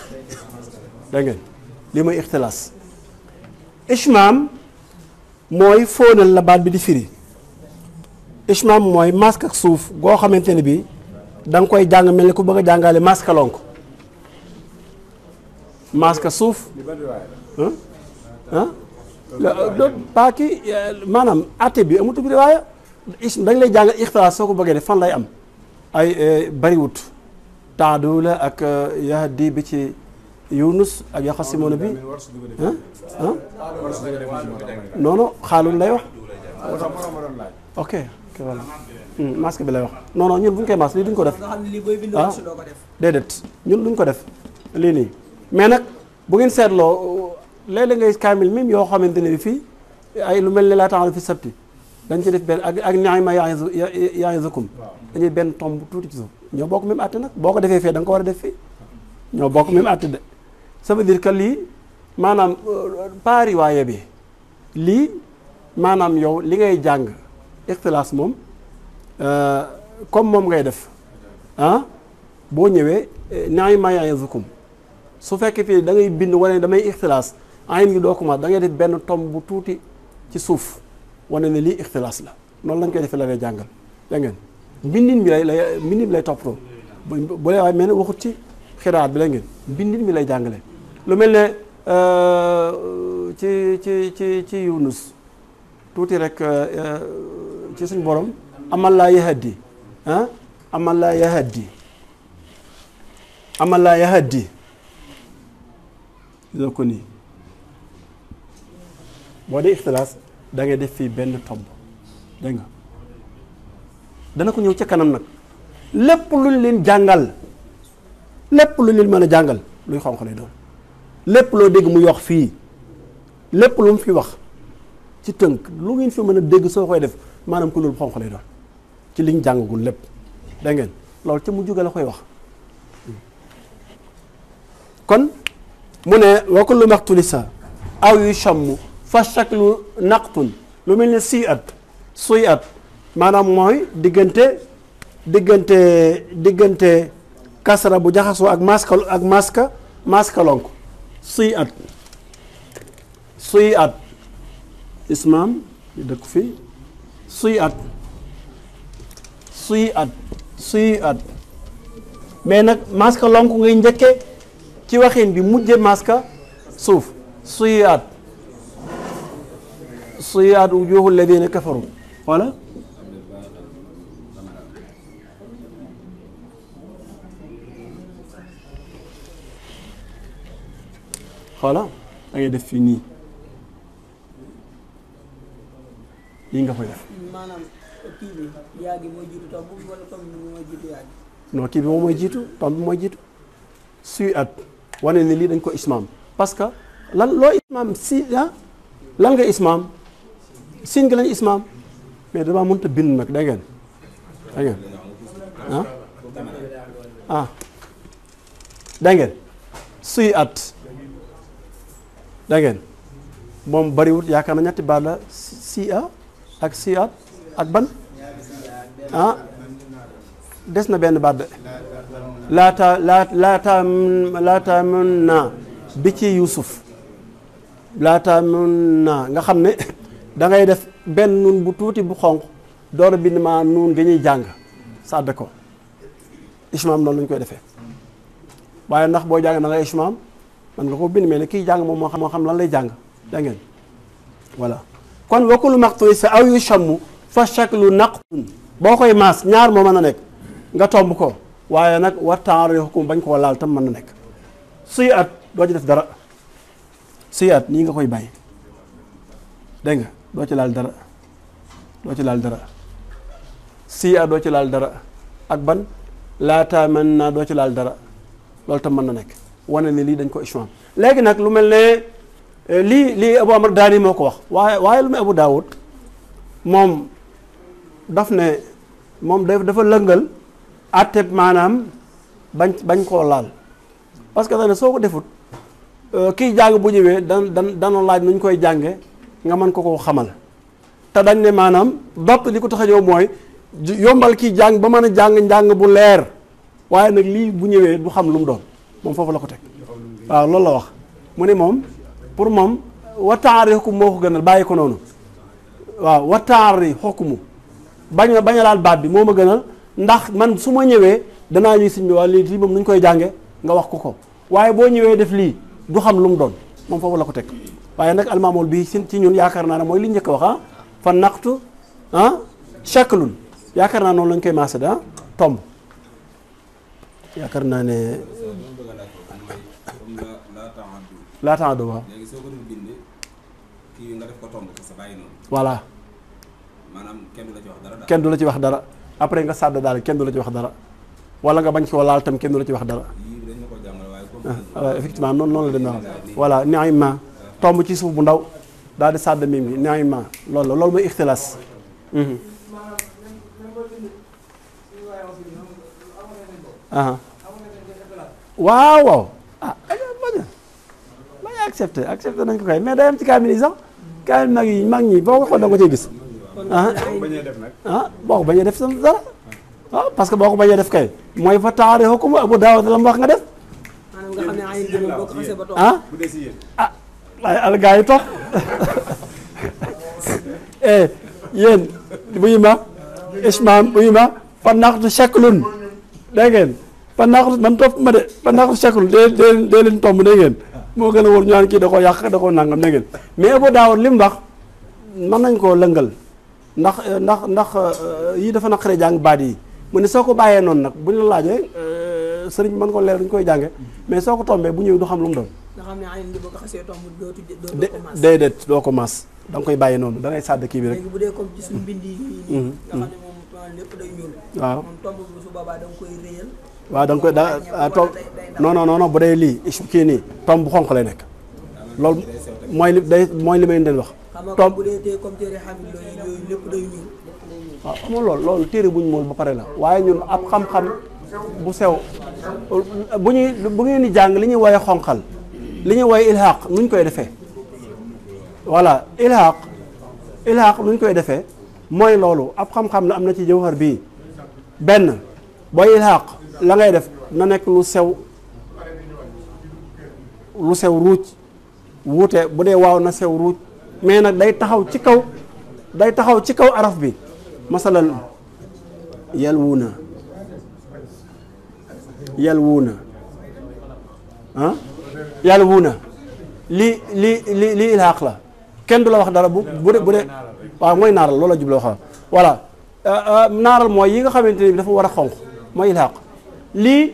dégg ngeen li mooy ixtilaas
ishmaam
mooy fóonal la baat bi di firi ishmaam mooy masque ak suuf goo xamante ne bii danga koy jàng mel ni ku bëgg a jàngale masque lonk masque suuf ah paaki maanaam ate bi amut bi riwaaya dañ lay jàngal ixtilaas soo ko bëggee def fan lay am ay e, bariwut taadu la ak e, yahdi bi ci yunus ak yaxasimono bi non non lay wax voilà hmm, masque bi lay wax non non ñun bu ñu koy masque lii duñ ko def. ah ñun duñ ko def lii nii. mais nag bu ngeen seetloo léeg-léeg ngay kaamil même yoo xamante ne fii ay lu mel ne laa taxaw fi sabti dañ ci def benn ak ak ni'ma ya'izukum dañuy benn tomb tuuti ci suuf ñoo bokk même àtte nag boo ko defee fee da ko war a def fii ñoo bokk même àtte de ça veut dire que lii maanaam euh, paari waaye bi lii maanaam yow li ngay jàng. excellence moom euh, comme moom ngay def ah boo ñëwee eh, naa ma yaa su fekkee fii da ngay bind wane damay ixtilaas ayin gi doo commencé da ngay def benn tomb bu tuuti ci suuf wane ne lii ixtilaas la noonu lañ koy defee la lay jàngal dégg ngeen mbindin mi lay lay mbindin lay toppatoo bu lay waaye mel ne waxut ci xiraat bi la ngeen mbindin mi lay jàngale lu mel ne euh, ci ci ci ci Yunus tuuti rek euh, euh, ci suñ borom amal laa yahaddi ah amal laa yahaddi amal laa yahaddi dina ko nii moo dee iftilaas da def fii benn tomb dégg nga dana ko ñëw ca kanam nag lépp luñ leen jàngal lépp luñ leen mën a jàngal luy xonq lay doon lépp loo dégg mu yox fii lépp lu mu fi wax ci tënk lu ngeen fi mën a dégg soo koy def maanaam couleur bu xonq lay doon ci liñ jàngagul lépp da ngeen loolu ca mu jóge la koy wax kon mu ne wa kullu maxtulisa aw yu shamm fa naq naqtun lu mel ni si at suy at maanaam mooy diggante diggante diggante kasara bu jaxasoo ak maska ak maska maska lonk suy at suy at ismaam dëkk fi suy at suy at suy at mais nag maska lonk ngay njëkke ci waxin bi mujje maska suuf suy at suy at wujuhu alladina kafaru wala xoola da ngay def fii nii yi nga koy def.
maanaam kii bi
jiitu taw bi jiitu suy at wane ne lii dañ ko ismaam parce que lan loo ismaam si ah lan nga ismaam siin nga ismaam mais damaa mënut a bind nag da ah? ah. ngeen suy at da moom bariwut yaakaar na ñetti baat la a ah? ak siyaat ak ban ah, des na benn baat de laata laata laata mun naa bi ci Yuusuf laata mun naa nga xam ne dangay def benn nun bu tuuti bu xonq door bind ma nun nga ñuy jàng sàdd ko ishmaam noonu lañ koy defee waaye ndax boo jàng na nga ishmaam man nga ko bind mais ne kii jàng moom moo xam moo lan lay jàng jàngeen voilà kon wakkul maxtu si aw yu chamm fa shaklu naqtun boo koy maas ñaar moo mën a nekk nga tomb ko waaye nag wartaar yo ko bañ koo laal tam mën na nekk suy at doo ci def dara suy at nii nga koy bàyyi dégg nga doo ci laal dara doo ci laal dara suy at doo ci laal dara ak ban laataa mën naa doo ci laal dara loolu tam mën na nekk wane ni lii dañ ko échoué léegi nag lu mel ne Eh, lii lii Abu Amr Daani moo ko wax waaye waaye lu mu Abu Daawud moom daf ne moom dafa lëngal àtte maanaam bañ bañ koo laal parce que dañ soo ko defut eh, kiy jàng bu ñëwee dan dan dana laaj nu koy jànge nga mën ko ko xamal te dañ ne maanaam dopp li ko tax a ñëw mooy yombal kiy jàng ba mën a jàng njàng bu leer waaye nag lii bu ñëwee du xam lu mu doon moom foofu la ko teg waaw loolu la wax mu ne moom pour moom wattaari xukm moo ko gënal bàyyi ko noonu waaw wattaari xukmu bañ a bañ a laal baat bi moo ma gënal ndax man su ma ñëwee danaa ñuy sëñ bi waa lii lii moom nu koy jànge nga wax ko ko waaye boo ñëwee def lii du xam lum doon moom foofu la ko teg waaye nag almaamool bii ci ñun yaakaar naa ne mooy li njëkk a wax ah fa naqtu ah yaakaar naa noonu lañ koy maasade ah tomb yaakaar naa ne
laa taxadu waaw soo ko doon bind kii kenn
du la ci wax dara. kenn du la ci wax dara après nga sàdd daal kenn du la ci wax dara wala nga bañ koo laal tam kenn du la ci wax dara. dañ la ko jàngal waaye. Ah, effectivement noonu noonu la demee wax voilà naïma ah. ci suuf bu ndaw daal di sàdd mim bi naïma loolu la mhm. waaw waaw ah, accepté accepté nañ ko kay mais day am ci kaamil yi sax kaamil mag yi mag ñi boo ko xool da nga ko gis. ah ah boo ko bañee def sa dara ah parce que boo ko bañee def kay mooy fa taaree xukum abu daawud la mu wax nga def.
ah ah al gaa yi tox eh
yéen buyu ma ismaam buyu ma fa naxtu shaklun dégg ngeen fa naxtu man topp ma de fa naxtu shaklun dee dee leen tomb moo gën a wóor ñu naan kii da ko yàq da ko nangam ne ngeen mais boo daawoon li mu wax mën nañ koo lëngal ndax ndax ndax euh, yii dafa naqaree jàng baat yi mu ne soo ko bàyyee noonu nag buñ la laajee euh, sëriñ mën ko leer ñu koy jànge mais soo ko tombee bu ñëw du xam lu mu doon.
nga xam ne ay nit boo ko xasee doo
ko maas déedéet koy bàyyi noonu da ngay sàdd kii bi
rek. bu dee comme
mhm, mhm. waaw
bi su boobaa da
waa da nga koy da ah, tomb non non bu dee lii kii nii tom bu xonq lay nekk loolu mooy li day mooy li may leen wax. tomb bu dee loolu téere bu mool ba pare la waaye ñun ab xam-xam bu sew bu ñuy bu ngeen di jàng li ñuy woowee xonqal li ñuy woye ilhaq nuñ koy defe voilà ilhaq ilhaq nuñ koy defee mooy loolu ab xam-xam la am na ci jawhar bii benn booy ilhaq. la ngay def na nekk lu sew lu sew ruuj wuute bu dee waaw na sew ruuj mais nag day taxaw ci kaw day taxaw ci kaw araf bi masalan yal wuuna yal wuuna ah yal wuuna lii lii lii lii ilhaaq la kenn du la wax dara bu bu dee bu dee waaw mooy naaral loola jubloo xam voilà euh, euh, naaral mooy yi nga xamante ni bi dafa war a xonq mooy ilhaaq lii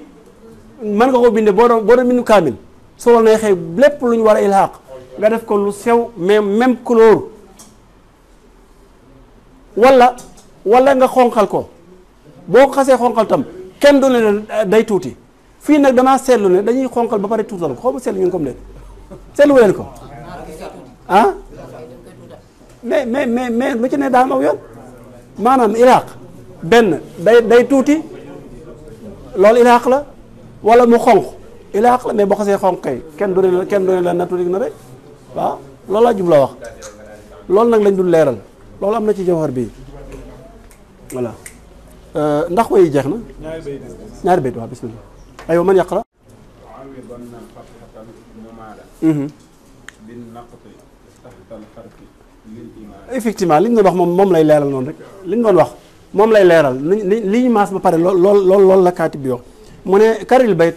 mën nga ko bindee boo doon boo doon bindu kaamil solo nay xëy lépp lu ñu war a ilhaq nga def ko lu sew même même couleur wala wala nga xonqal ko boo ko xasee xonqal tam kenn du ne day tuuti fii nag damaa seetlu ne dañuy xonqal ba pare tuutal ko xaw ma seetlu ñun comme léegi seetlu leen ko ah mais mais mais mais lu ci ne daal ma yoon maanaam ilhaq benn day day tuuti. loolu ilhaq la wala mu xonq ilhaq la mais boo xasee xonq kay kenn du ne kenn du ne la nature na rek waaw loolu laa la wax loolu nag lañ dul leeral loolu am na ci jawhar bi voilà euh, ndax way jeex na ñaari bayt waaw bismillah aywa man yaqra mhm. effectivement li ñu doon wax moom moom lay leeral noonu rek li ñu doon wax moom lay leeral li li maas ba pare lool lool lool la kaati bi wax mu ne karil bayt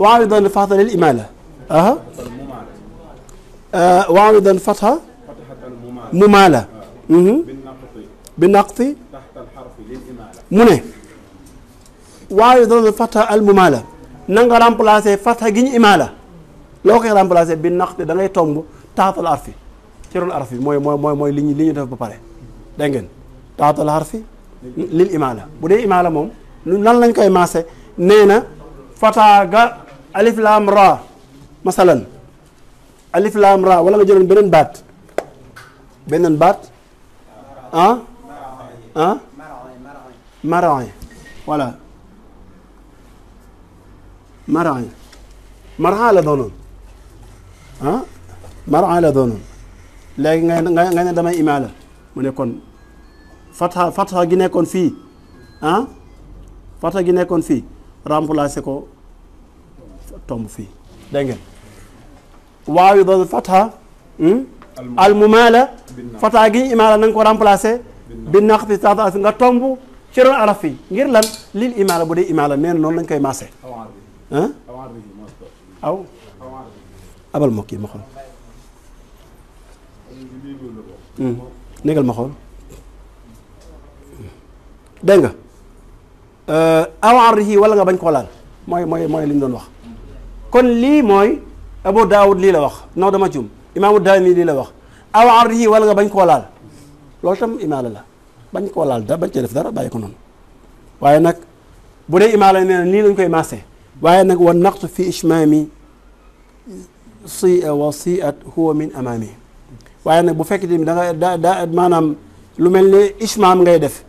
waaw doon fatha lil imala aha euh, waaw doon fatha mhm. mu ne waaw doon fatha al mumaala na nga remplacer fatha gi ñu imaala loo koy remplacer bi naqti da ngay tomb taxatal arfi ci ron arfi mooy mooy mooy li ñu li ñu def ba pare dégg taxatal arfi lil imaala bu dee imaala moom nan lañ koy maase nee na fataa ga alif laam ra masalan alif laam ra wala nga jëloon beneen baat beneen baat ah ah marain voilà la doonoon ah marain la doonoon léegi nga nga ne damay imaala mu ne kon fatxa fatxa gi nekkoon fii ah fatxa gi nekkoon fii remplacé ko tomb fii dégg ngeen waaw doon fatxa hmm? almumaala fatxa gi imaala na nga ko remplacé bi naqti tata nga tomb ci roon araf fii ngir lan lil imaala bu dee imaala nee na noonu lañ koy maase ah abal ma kii ma xool hmm. négal dégg nga euh, aw ardihi wala nga bañ koo laal mooy mooy mooy li ñu doon wax kon lii mooy Abu Daawud lii la wax non dama jum imaamu Daani lii la wax aw ardihi wala nga bañ koo laal loolu itam imaala la bañ koo laal da bañ cee def dara bàyyi ko noonu waaye nag bu dee imaala nee na nii lañ koy maase waaye nag wa naqtu fi ishmaami si wa si at huwa min amaami waaye nag bu fekkee da nga da da maanaam lu mel ne ishmaam ngay def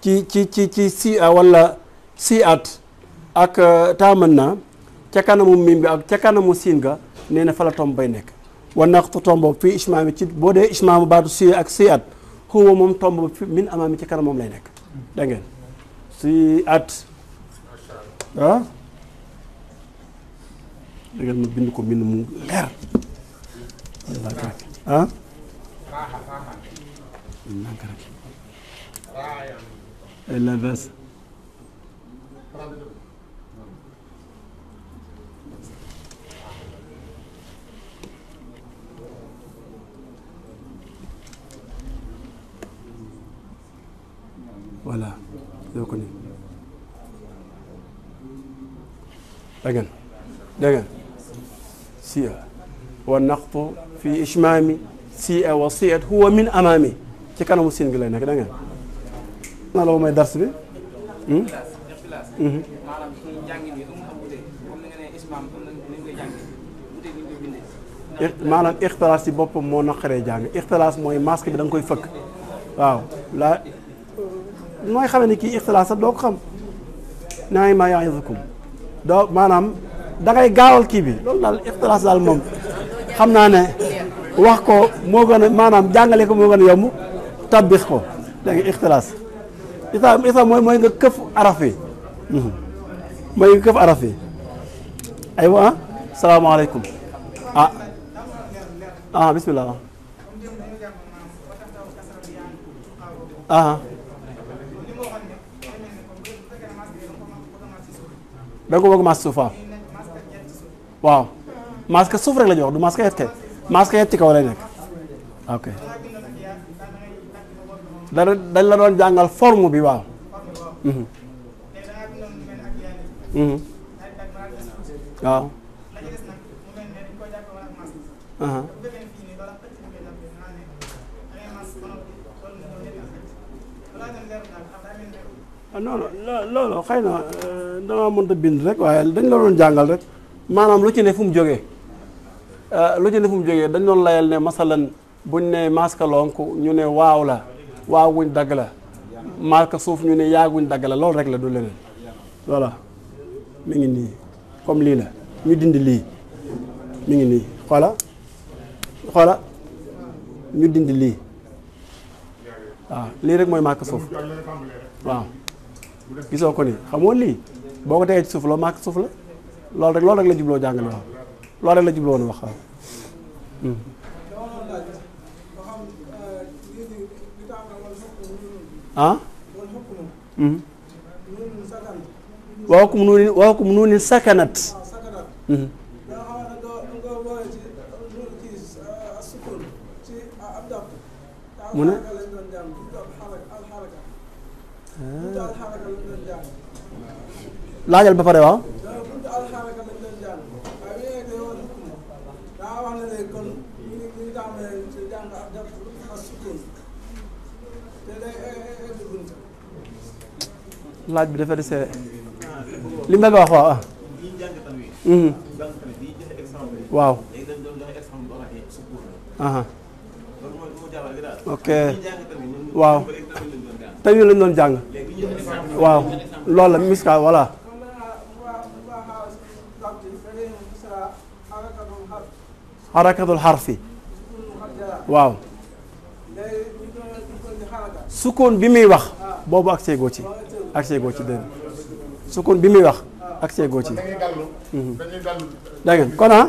ci ci ci ci si a at ak euh, taaman naa ca kanamu miim ga ak ca kanamu siin ga nee na fa la tomb bay nekk wan na tomb fii ismaami ci boo dee ismaami baatu si ak si at xuwa moom tomb fi min amaami ca kanam moom lay nekk da ngeen at ah da ngeen ma bind mu la vase. voilà doo ko nii dégg wa naqtu fi ishmaami si wa siyat huwa min amaami ci kanamu siin gi lay nekk na la may dars bi.
Hmm? Hmm? maanaam
ixtilaas ci boppam moo naqaree jàng ixtilaas mooy masque bi danga koy fëkk waaw laa mooy xamee ni kii ixtilaas sax doo ko xam naa maanaam da gaawal kii bi loolu daal naa ne wax ko moo gën a maanaam jàngale ko moo gën a yomb tabbix ko da nga isaam isaam mooy mooy nga këf araf yi mhm. mooy nga këf ah, ah ah bisimilah ah da nga ko bëgg masque waaw ah. waaw masque suuf rek la ñu wax du masque yet kay masque yet ci kaw lay nekk dara dañ la doon jàngal forme bi waaw. Mhm. Mhm. waaw. Ah, non non loolu xëy na euh, damaa mënta bind rek waaye dañ la doon jàngal rek maanaam lu ci ne fu mu jógee euh, lu ci ne fu mu jógee dañ doon layal ne bu buñ ne maskalonk ñu ne waaw la. waaw wuñ dagg la marque suuf ñu ne yaaguñ dagg la loolu rek la du leneen voilà mi ngi nii comme lii la ñu dindi lii mu ngi nii xoola xoola ñu dindi lii waaw lii rek mooy marque suuf waaw gisoo ko ni xamoo lii boo ko tegee ci suuf la marque suuf la loolu rek loolu rek la jubloo jàngale waaw loolu rek la jubloo woon wax waaw hmm. ah hmm. wa hukmu nuunin wa hukmu nuunin sakanat hmm. mu ne laajal ba waaw laaj bi dafa de seere li mu bëgg a wax ah. Mhm. ok waaw tamit lañ doon jàng waaw loolu la miska voilà xarakatul xarfi waaw sukkoon bi muy wax boobu ak seegoo ci accès goo ci sukun bi muy wax accès goo ci dégg ngeen kon ah